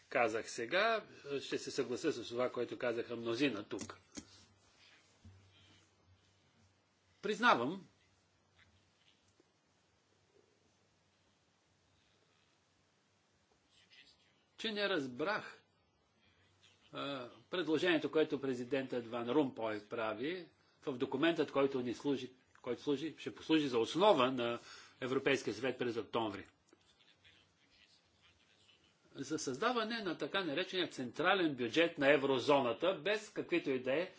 казах сега, ще се съглася с това, което казаха мнозина тук. Признавам, че не разбрах а, предложението, което президентът Ван Румпой прави в документът, който ни служи, който служи, ще послужи за основа на Европейския съвет през октомври за създаване на така наречения централен бюджет на еврозоната, без каквито и да е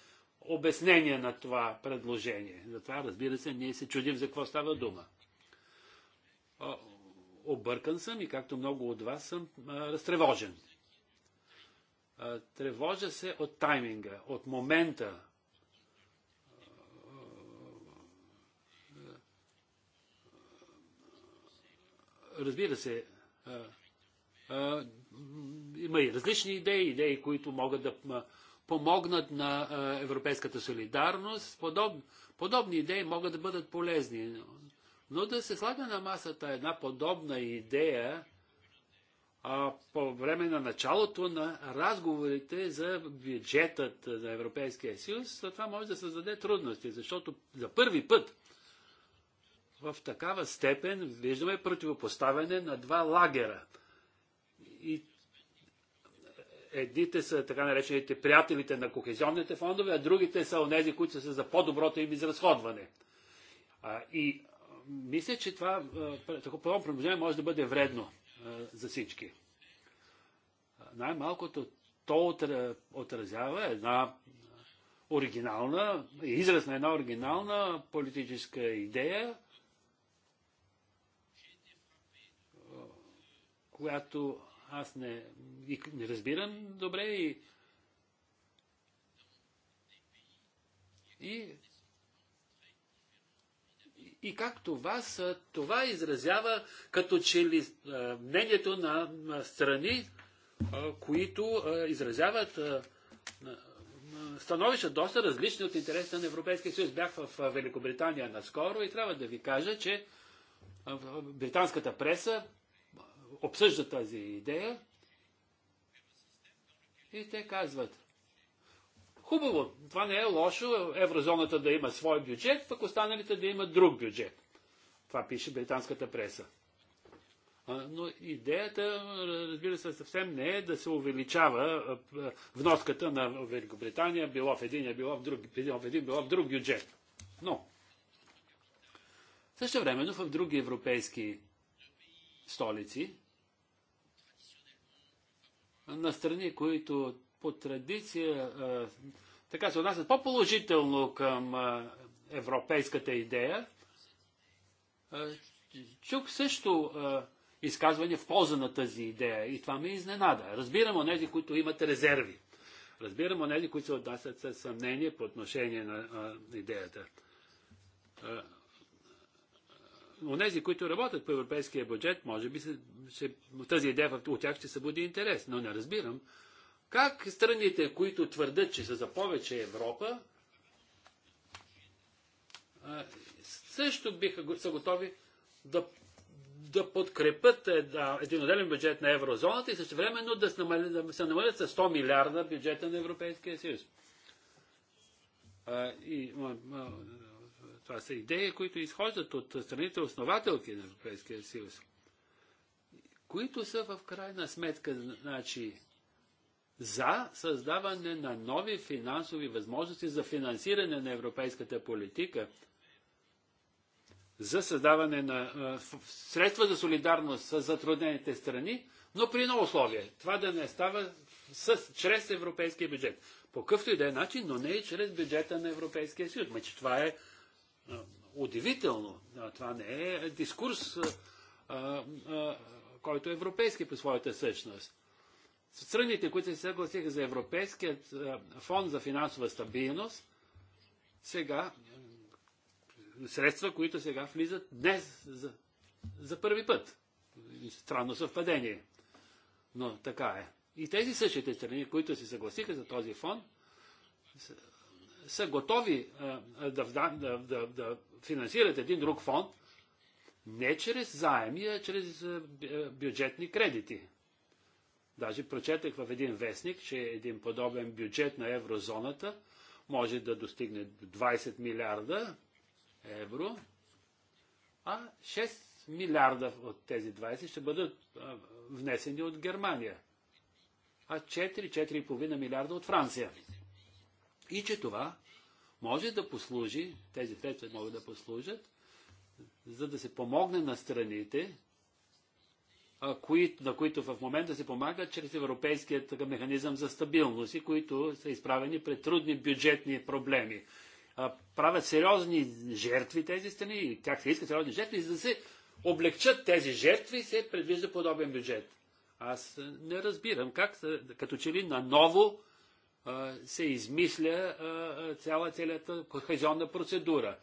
обяснения на това предложение. Затова, разбира се, ние се чудим за какво става дума. Объркан съм и, както много от вас, съм разтревожен. Тревожа се от тайминга, от момента. Разбира се, има и различни идеи, идеи, които могат да помогнат на европейската солидарност. Подоб, подобни идеи могат да бъдат полезни. Но да се слага на масата една подобна идея а, по време на началото на разговорите за бюджетът на Европейския съюз, това може да създаде трудности, защото за първи път в такава степен виждаме противопоставяне на два лагера – и едните са така наречените приятелите на кохезионните фондове, а другите са онези, които са за по-доброто им изразходване. А, и мисля, че това, такова предложение може да бъде вредно а, за всички. Най-малкото то отразява една оригинална, израз на една оригинална политическа идея, която аз не, не разбирам добре и, и и как това, са, това изразява като че ли мнението на, страни, които изразяват становища доста различни от интереса на Европейския съюз. Бях в Великобритания наскоро и трябва да ви кажа, че британската преса обсъжда тази идея и те казват, хубаво, това не е лошо, еврозоната да има свой бюджет, пък останалите да имат друг бюджет. Това пише британската преса. Но идеята, разбира се, съвсем не е да се увеличава вноската на Великобритания, било в един, било в друг, било в един, било в друг бюджет. Но, също времено в други европейски столици на страни, които по традиция така се отнасят по-положително към европейската идея, чук също изказване в полза на тази идея и това ме изненада. Разбирам онези, които имат резерви. Разбирам онези, които се отнасят със съмнение по отношение на идеята онези, които работят по европейския бюджет, може би се, ще, тази идея от тях ще събуди интерес. Но не разбирам как страните, които твърдят, че са за повече Европа, също биха са готови да, да подкрепят единоделен един отделен бюджет на еврозоната и също времено да се намалят, да се намалят с 100 милиарда бюджета на Европейския съюз. и, това са идеи, които изхождат от страните основателки на Европейския съюз, които са в крайна сметка, значи, за създаване на нови финансови възможности за финансиране на европейската политика, за създаване на е, средства за солидарност с затруднените страни, но при едно условие. Това да не става с, чрез европейския бюджет. По какъвто и да е начин, но не и чрез бюджета на Европейския съюз. че значи, това е удивително. Това не е дискурс, който е европейски по своята същност. Страните, които се съгласиха за Европейският фонд за финансова стабилност, сега средства, които сега влизат днес за, за първи път. Странно съвпадение. Но така е. И тези същите страни, които се съгласиха за този фонд, са готови е, е, да, да, да, да финансират един друг фонд, не чрез заеми, а чрез е, бюджетни кредити. Даже прочетах в един вестник, че един подобен бюджет на еврозоната може да достигне 20 милиарда евро, а 6 милиарда от тези 20 ще бъдат внесени от Германия, а 4-4,5 милиарда от Франция. И че това може да послужи, тези средства могат да послужат, за да се помогне на страните, на които в момента се помага чрез Европейският механизъм за стабилност и които са изправени пред трудни бюджетни проблеми. Правят сериозни жертви тези страни и тях се искат сериозни жертви, за да се облегчат тези жертви и се предвижда подобен бюджет. Аз не разбирам как, като че ли на ново се измисля цялата кохезионна процедура.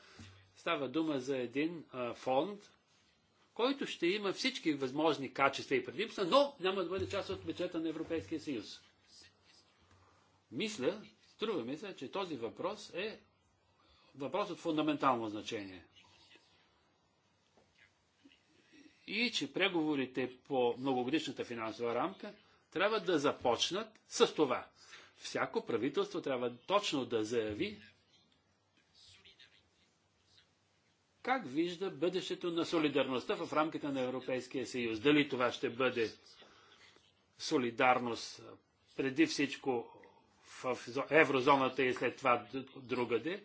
Става дума за един фонд, който ще има всички възможни качества и предимства, но няма да бъде част от бюджета на Европейския съюз. Мисля, струва ми се, че този въпрос е въпрос от фундаментално значение. И че преговорите по многогодишната финансова рамка трябва да започнат с това. Всяко правителство трябва точно да заяви как вижда бъдещето на солидарността в рамките на Европейския съюз. Дали това ще бъде солидарност преди всичко в еврозоната и след това другаде,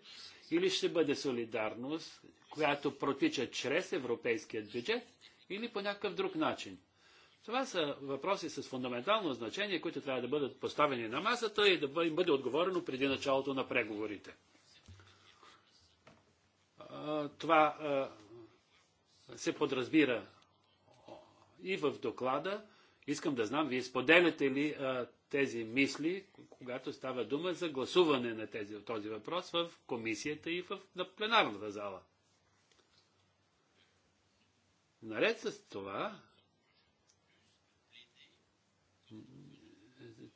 или ще бъде солидарност, която протича чрез европейският бюджет, или по някакъв друг начин. Това са въпроси с фундаментално значение, които трябва да бъдат поставени на масата и да им бъде отговорено преди началото на преговорите. Това се подразбира и в доклада. Искам да знам, вие споделяте ли тези мисли, когато става дума за гласуване на тези, този въпрос в комисията и в, на пленарната зала. Наред с това,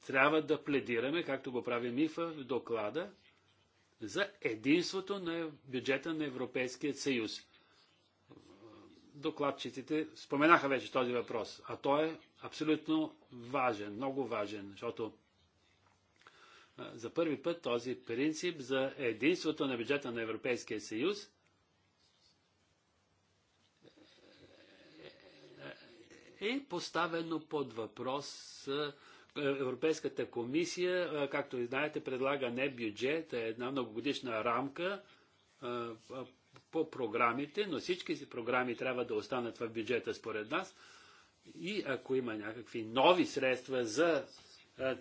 трябва да пледираме, както го прави Мифа в доклада, за единството на бюджета на Европейския съюз. Докладчиците споменаха вече този въпрос, а той е абсолютно важен, много важен, защото за първи път този принцип за единството на бюджета на Европейския съюз е, е, е, е поставено под въпрос Европейската комисия, както и знаете, предлага не бюджет, а една многогодишна рамка по програмите, но всички си програми трябва да останат в бюджета според нас. И ако има някакви нови средства за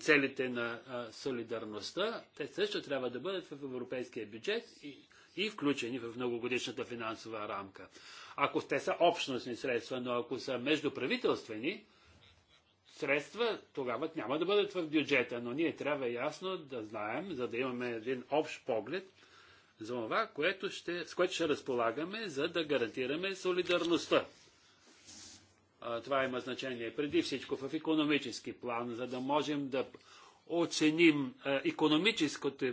целите на солидарността, те също трябва да бъдат в европейския бюджет и, и включени в многогодишната финансова рамка. Ако те са общностни средства, но ако са междуправителствени, средства, тогава няма да бъдат в бюджета, но ние трябва ясно да знаем, за да имаме един общ поглед за това, което ще, с което ще разполагаме, за да гарантираме солидарността. А, това има значение преди всичко в економически план, за да можем да оценим економическото,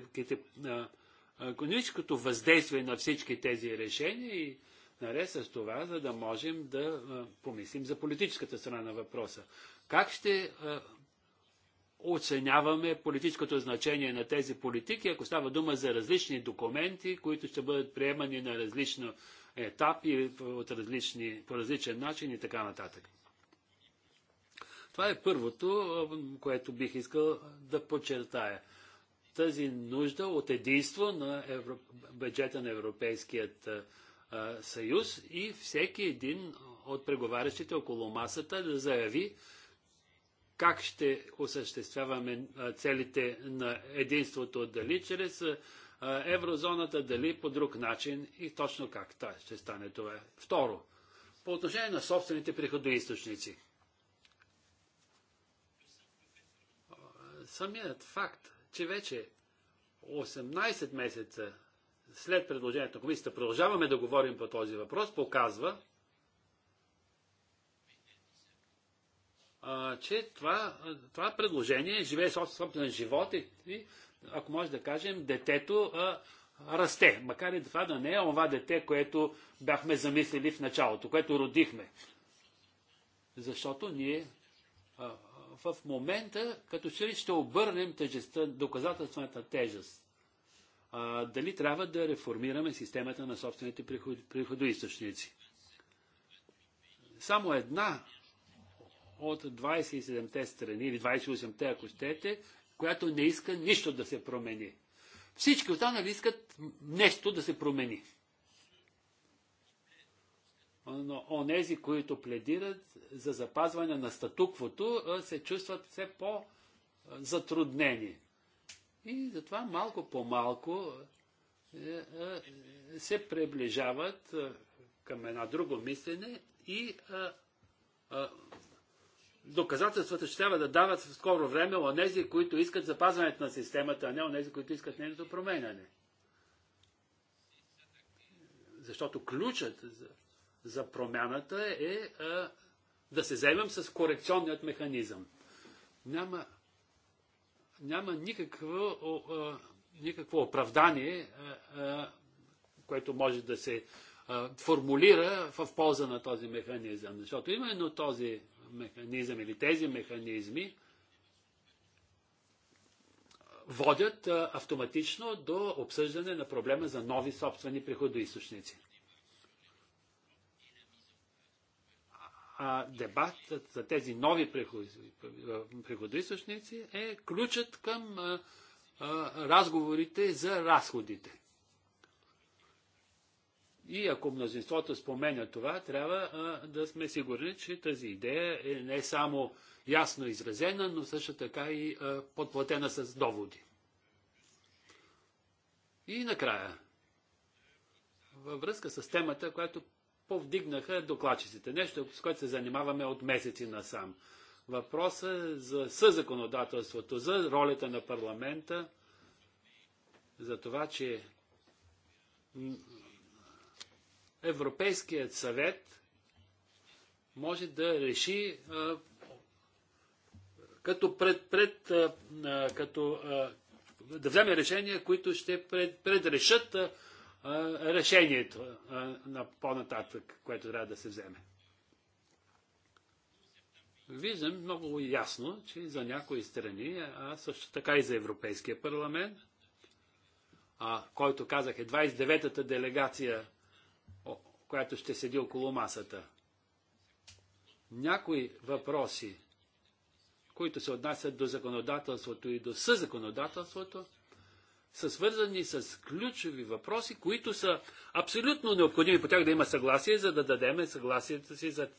економическото въздействие на всички тези решения и наред с това, за да можем да помислим за политическата страна на въпроса. Как ще е, оценяваме политическото значение на тези политики, ако става дума за различни документи, които ще бъдат приемани на различни етапи от различни, по различен начин и така нататък. Това е първото, е, което бих искал да подчертая. Тази нужда от единство на евро... бюджета на Европейският а, е, съюз и всеки един от преговарящите около масата да заяви, как ще осъществяваме целите на единството, дали чрез еврозоната, дали по друг начин и точно как това ще стане това. Второ, по отношение на собствените приходоисточници. Самият факт, че вече 18 месеца след предложението на комисията продължаваме да говорим по този въпрос, показва, а, че това, това предложение живее собствен живот и, и, ако може да кажем, детето а, расте. Макар и това да не е това дете, което бяхме замислили в началото, което родихме. Защото ние а, в момента, като че ли ще обърнем тежестта, доказателствената тежест. А, дали трябва да реформираме системата на собствените приходоисточници? Само една от 27-те страни, или 28-те, ако щете, която не иска нищо да се промени. Всички останали искат нещо да се промени. Но онези, които пледират за запазване на статуквото, се чувстват все по-затруднени. И затова малко по малко се приближават към една друго мислене и доказателствата ще трябва да дават в скоро време онези, които искат запазването на системата, а не онези, които искат нейното променяне. Защото ключът за, за промяната е а, да се вземем с корекционният механизъм. Няма, няма никакво, а, никакво оправдание, а, а, което може да се формулира в полза на този механизъм. Защото именно този механизъм или тези механизми водят автоматично до обсъждане на проблема за нови собствени приходоисточници. а, дебатът за тези нови приходоисточници е ключът към разговорите за разходите. И ако мнозинството споменя това, трябва а, да сме сигурни, че тази идея е не само ясно изразена, но също така и а, подплатена с доводи. И накрая, във връзка с темата, която повдигнаха докладчиците, нещо с което се занимаваме от месеци насам. Въпроса за съзаконодателството, за ролята на парламента, за това, че Европейският съвет може да реши като пред, пред като да вземе решения, които ще пред, предрешат решението на по-нататък, което трябва да се вземе. Виждам много ясно, че за някои страни, а също така и за Европейския парламент, а, който казах е 29-та делегация която ще седи около масата. Някои въпроси, които се отнасят до законодателството и до съзаконодателството, са свързани с ключови въпроси, които са абсолютно необходими по тях да има съгласие, за да дадеме съгласието си за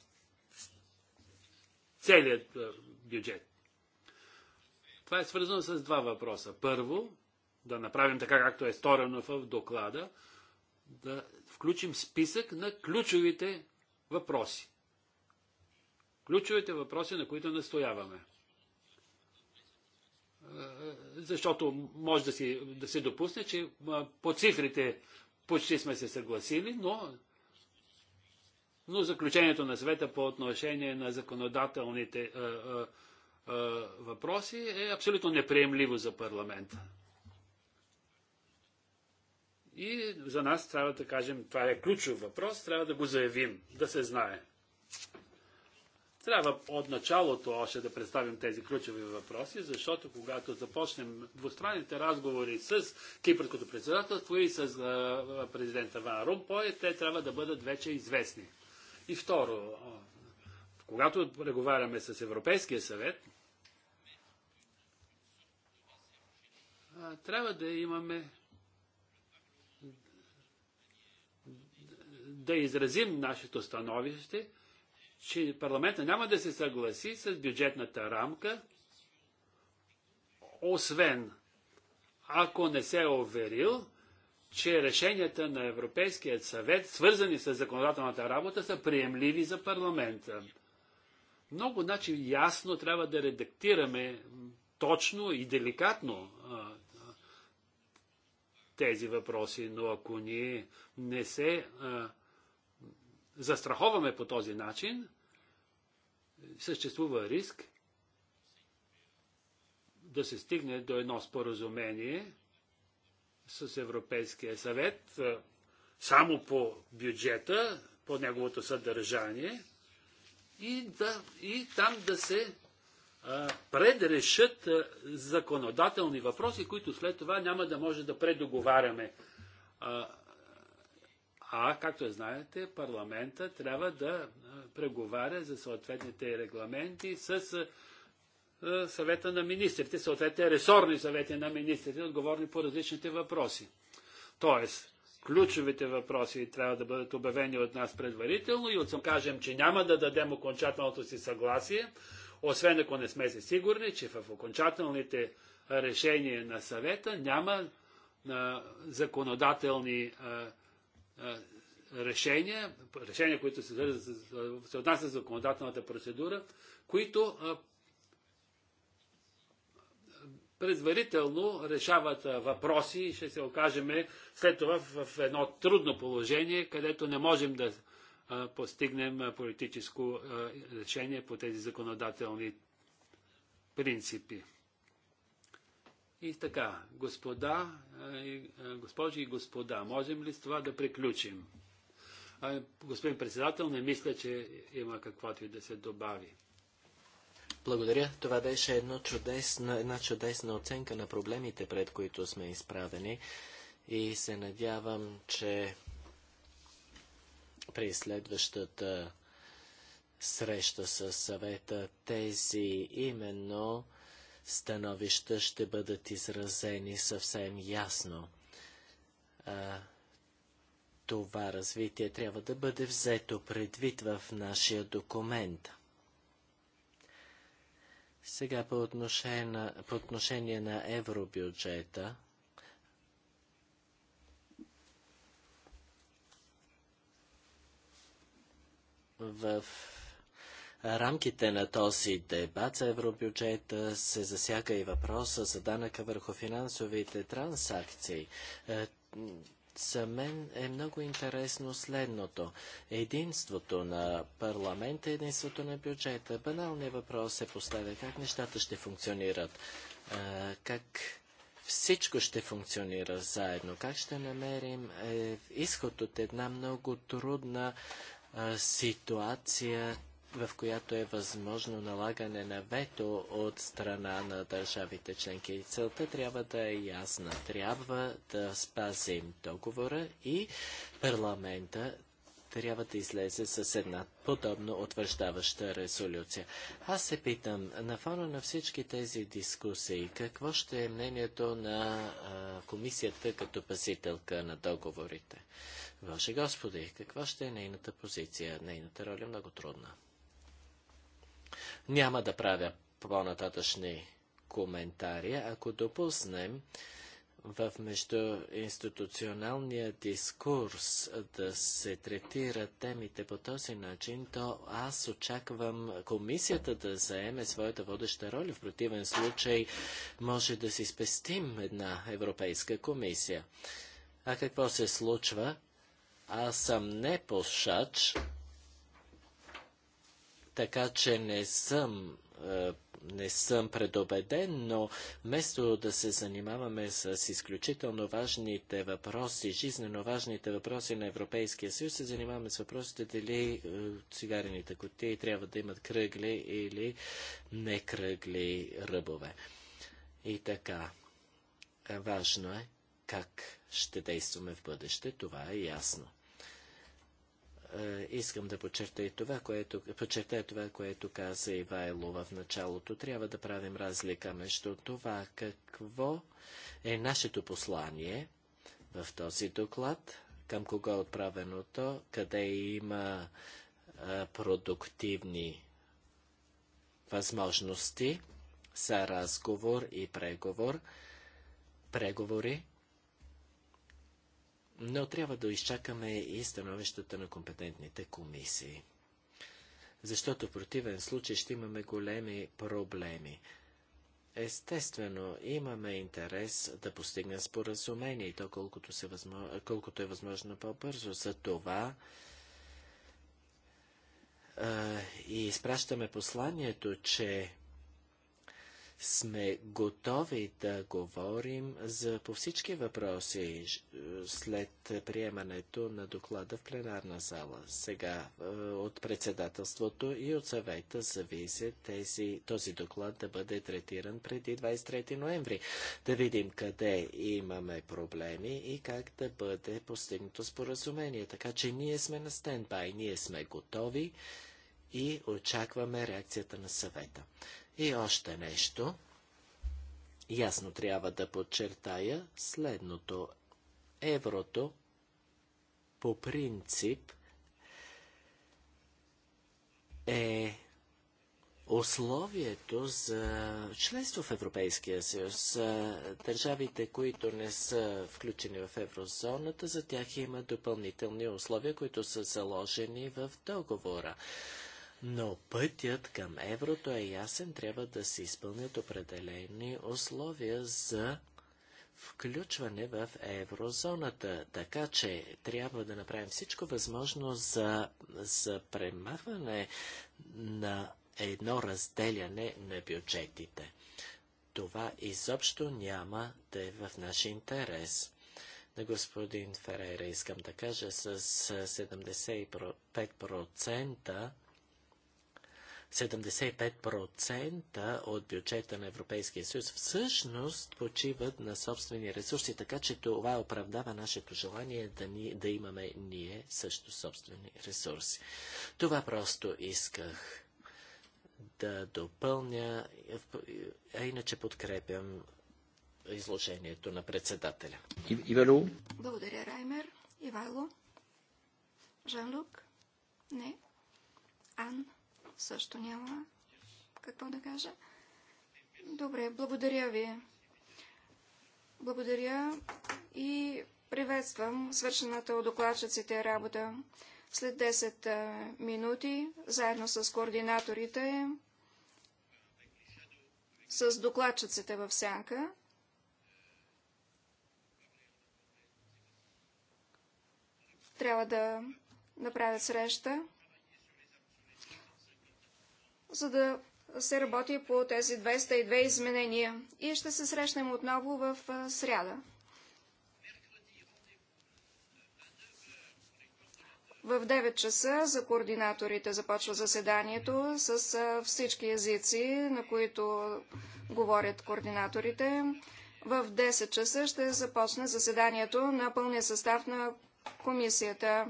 целият е, бюджет. Това е свързано с два въпроса. Първо, да направим така, както е сторено в доклада, да включим списък на ключовите въпроси. Ключовите въпроси, на които настояваме. Е, защото може да се да допусне, че по цифрите почти сме се съгласили, но, но заключението на света по отношение на законодателните въпроси е абсолютно неприемливо за парламента. И за нас трябва да кажем, това е ключов въпрос, трябва да го заявим, да се знае. Трябва от началото още да представим тези ключови въпроси, защото когато започнем двустранните разговори с Кипърското председателство и с президента Ван Румпой, те трябва да бъдат вече известни. И второ, когато преговаряме с Европейския съвет, трябва да имаме да изразим нашето становище, че парламента няма да се съгласи с бюджетната рамка, освен ако не се е уверил, че решенията на Европейския съвет, свързани с законодателната работа, са приемливи за парламента. Много, значи, ясно трябва да редактираме точно и деликатно а, тези въпроси, но ако ние не се а, застраховаме по този начин, съществува риск да се стигне до едно споразумение с Европейския съвет само по бюджета, по неговото съдържание и, да, и там да се предрешат законодателни въпроси, които след това няма да може да предоговаряме. А, както знаете, парламента трябва да преговаря за съответните регламенти с съвета на министрите, съответните ресорни съвети на министрите, отговорни по различните въпроси. Тоест, ключовите въпроси трябва да бъдат обявени от нас предварително и от съм кажем, че няма да дадем окончателното си съгласие, освен ако не сме си сигурни, че в окончателните решения на съвета няма законодателни а, решения, решения, които се, се отнасят за законодателната процедура, които предварително решават въпроси и ще се окажем след това в едно трудно положение, където не можем да постигнем политическо решение по тези законодателни принципи. И така, господа, е, е, госпожи и господа, можем ли с това да приключим? Господин председател, не мисля, че има каквото и да се добави. Благодаря. Това беше едно чудесна, една чудесна оценка на проблемите, пред които сме изправени. И се надявам, че при следващата среща с съвета тези именно становища ще бъдат изразени съвсем ясно. А, това развитие трябва да бъде взето предвид в нашия документ. Сега по отношение, на, по отношение на евробюджета. В рамките на този дебат за евробюджета се засяга и въпроса за данъка върху финансовите трансакции. Е, за мен е много интересно следното. Единството на парламента, единството на бюджета. Баналният въпрос се поставя как нещата ще функционират, е, как всичко ще функционира заедно, как ще намерим е, изход от една много трудна ситуация в която е възможно налагане на вето от страна на държавите членки. Целта трябва да е ясна. Трябва да спазим договора и парламента трябва да излезе с една подобно утвърждаваща резолюция. Аз се питам, на фона на всички тези дискусии, какво ще е мнението на а, комисията като пасителка на договорите? Ваше Господи, каква ще е нейната позиция? Нейната роля е много трудна. Няма да правя по-нататъчни коментари. Ако допуснем в междуинституционалния дискурс да се третират темите по този начин, то аз очаквам комисията да заеме своята водеща роля. В противен случай може да си спестим една Европейска комисия. А какво се случва? Аз съм не пушач, така че не съм е, не съм предобеден, но вместо да се занимаваме с изключително важните въпроси, жизнено важните въпроси на Европейския съюз, се занимаваме с въпросите дали е, цигарените кутии трябва да имат кръгли или некръгли ръбове. И така, важно е как ще действаме в бъдеще, това е ясно. Е, искам да подчертая това, което, подчертая това, което каза Ивайло в началото. Трябва да правим разлика между това, какво е нашето послание в този доклад, към кого е отправено то, къде има а, продуктивни възможности за разговор и преговор, преговори но трябва да изчакаме и становищата на компетентните комисии. Защото в противен случай ще имаме големи проблеми. Естествено, имаме интерес да постигнем споразумение и то колкото, се възможно, колкото е възможно по-бързо. За това е, и изпращаме посланието, че сме готови да говорим за, по всички въпроси е, след приемането на доклада в пленарна зала. Сега е, от председателството и от съвета зависи тези, този доклад да бъде третиран преди 23 ноември. Да видим къде имаме проблеми и как да бъде постигнато споразумение. Така че ние сме на стендбай, ние сме готови и очакваме реакцията на съвета. И още нещо. Ясно трябва да подчертая следното. Еврото по принцип е условието за членство в Европейския съюз. Държавите, които не са включени в еврозоната, за тях има допълнителни условия, които са заложени в договора. Но пътят към еврото е ясен, трябва да се изпълнят определени условия за включване в еврозоната. Така че трябва да направим всичко възможно за, за премахване на едно разделяне на бюджетите. Това изобщо няма да е в наш интерес. На господин Ферейра искам да кажа с 75% 75% от бюджета на Европейския съюз всъщност почиват на собствени ресурси, така че това оправдава нашето желание да, ни, да имаме ние също собствени ресурси. Това просто исках да допълня, а иначе подкрепям изложението на председателя. Ивайло? Благодаря, Раймер. Ивайло? Жан-Лук? Не. Ан? Също няма какво да кажа. Добре, благодаря ви. Благодаря и приветствам свършената от докладчиците работа. След 10 минути, заедно с координаторите, с докладчиците в сянка, трябва да направят среща за да се работи по тези 202 изменения. И ще се срещнем отново в сряда. В 9 часа за координаторите започва заседанието с всички езици, на които говорят координаторите. В 10 часа ще започне заседанието на пълния състав на комисията.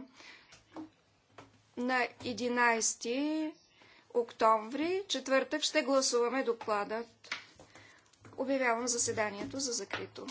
На 11 октомври, четвъртък, ще гласуваме докладът. Обявявам заседанието за закрито.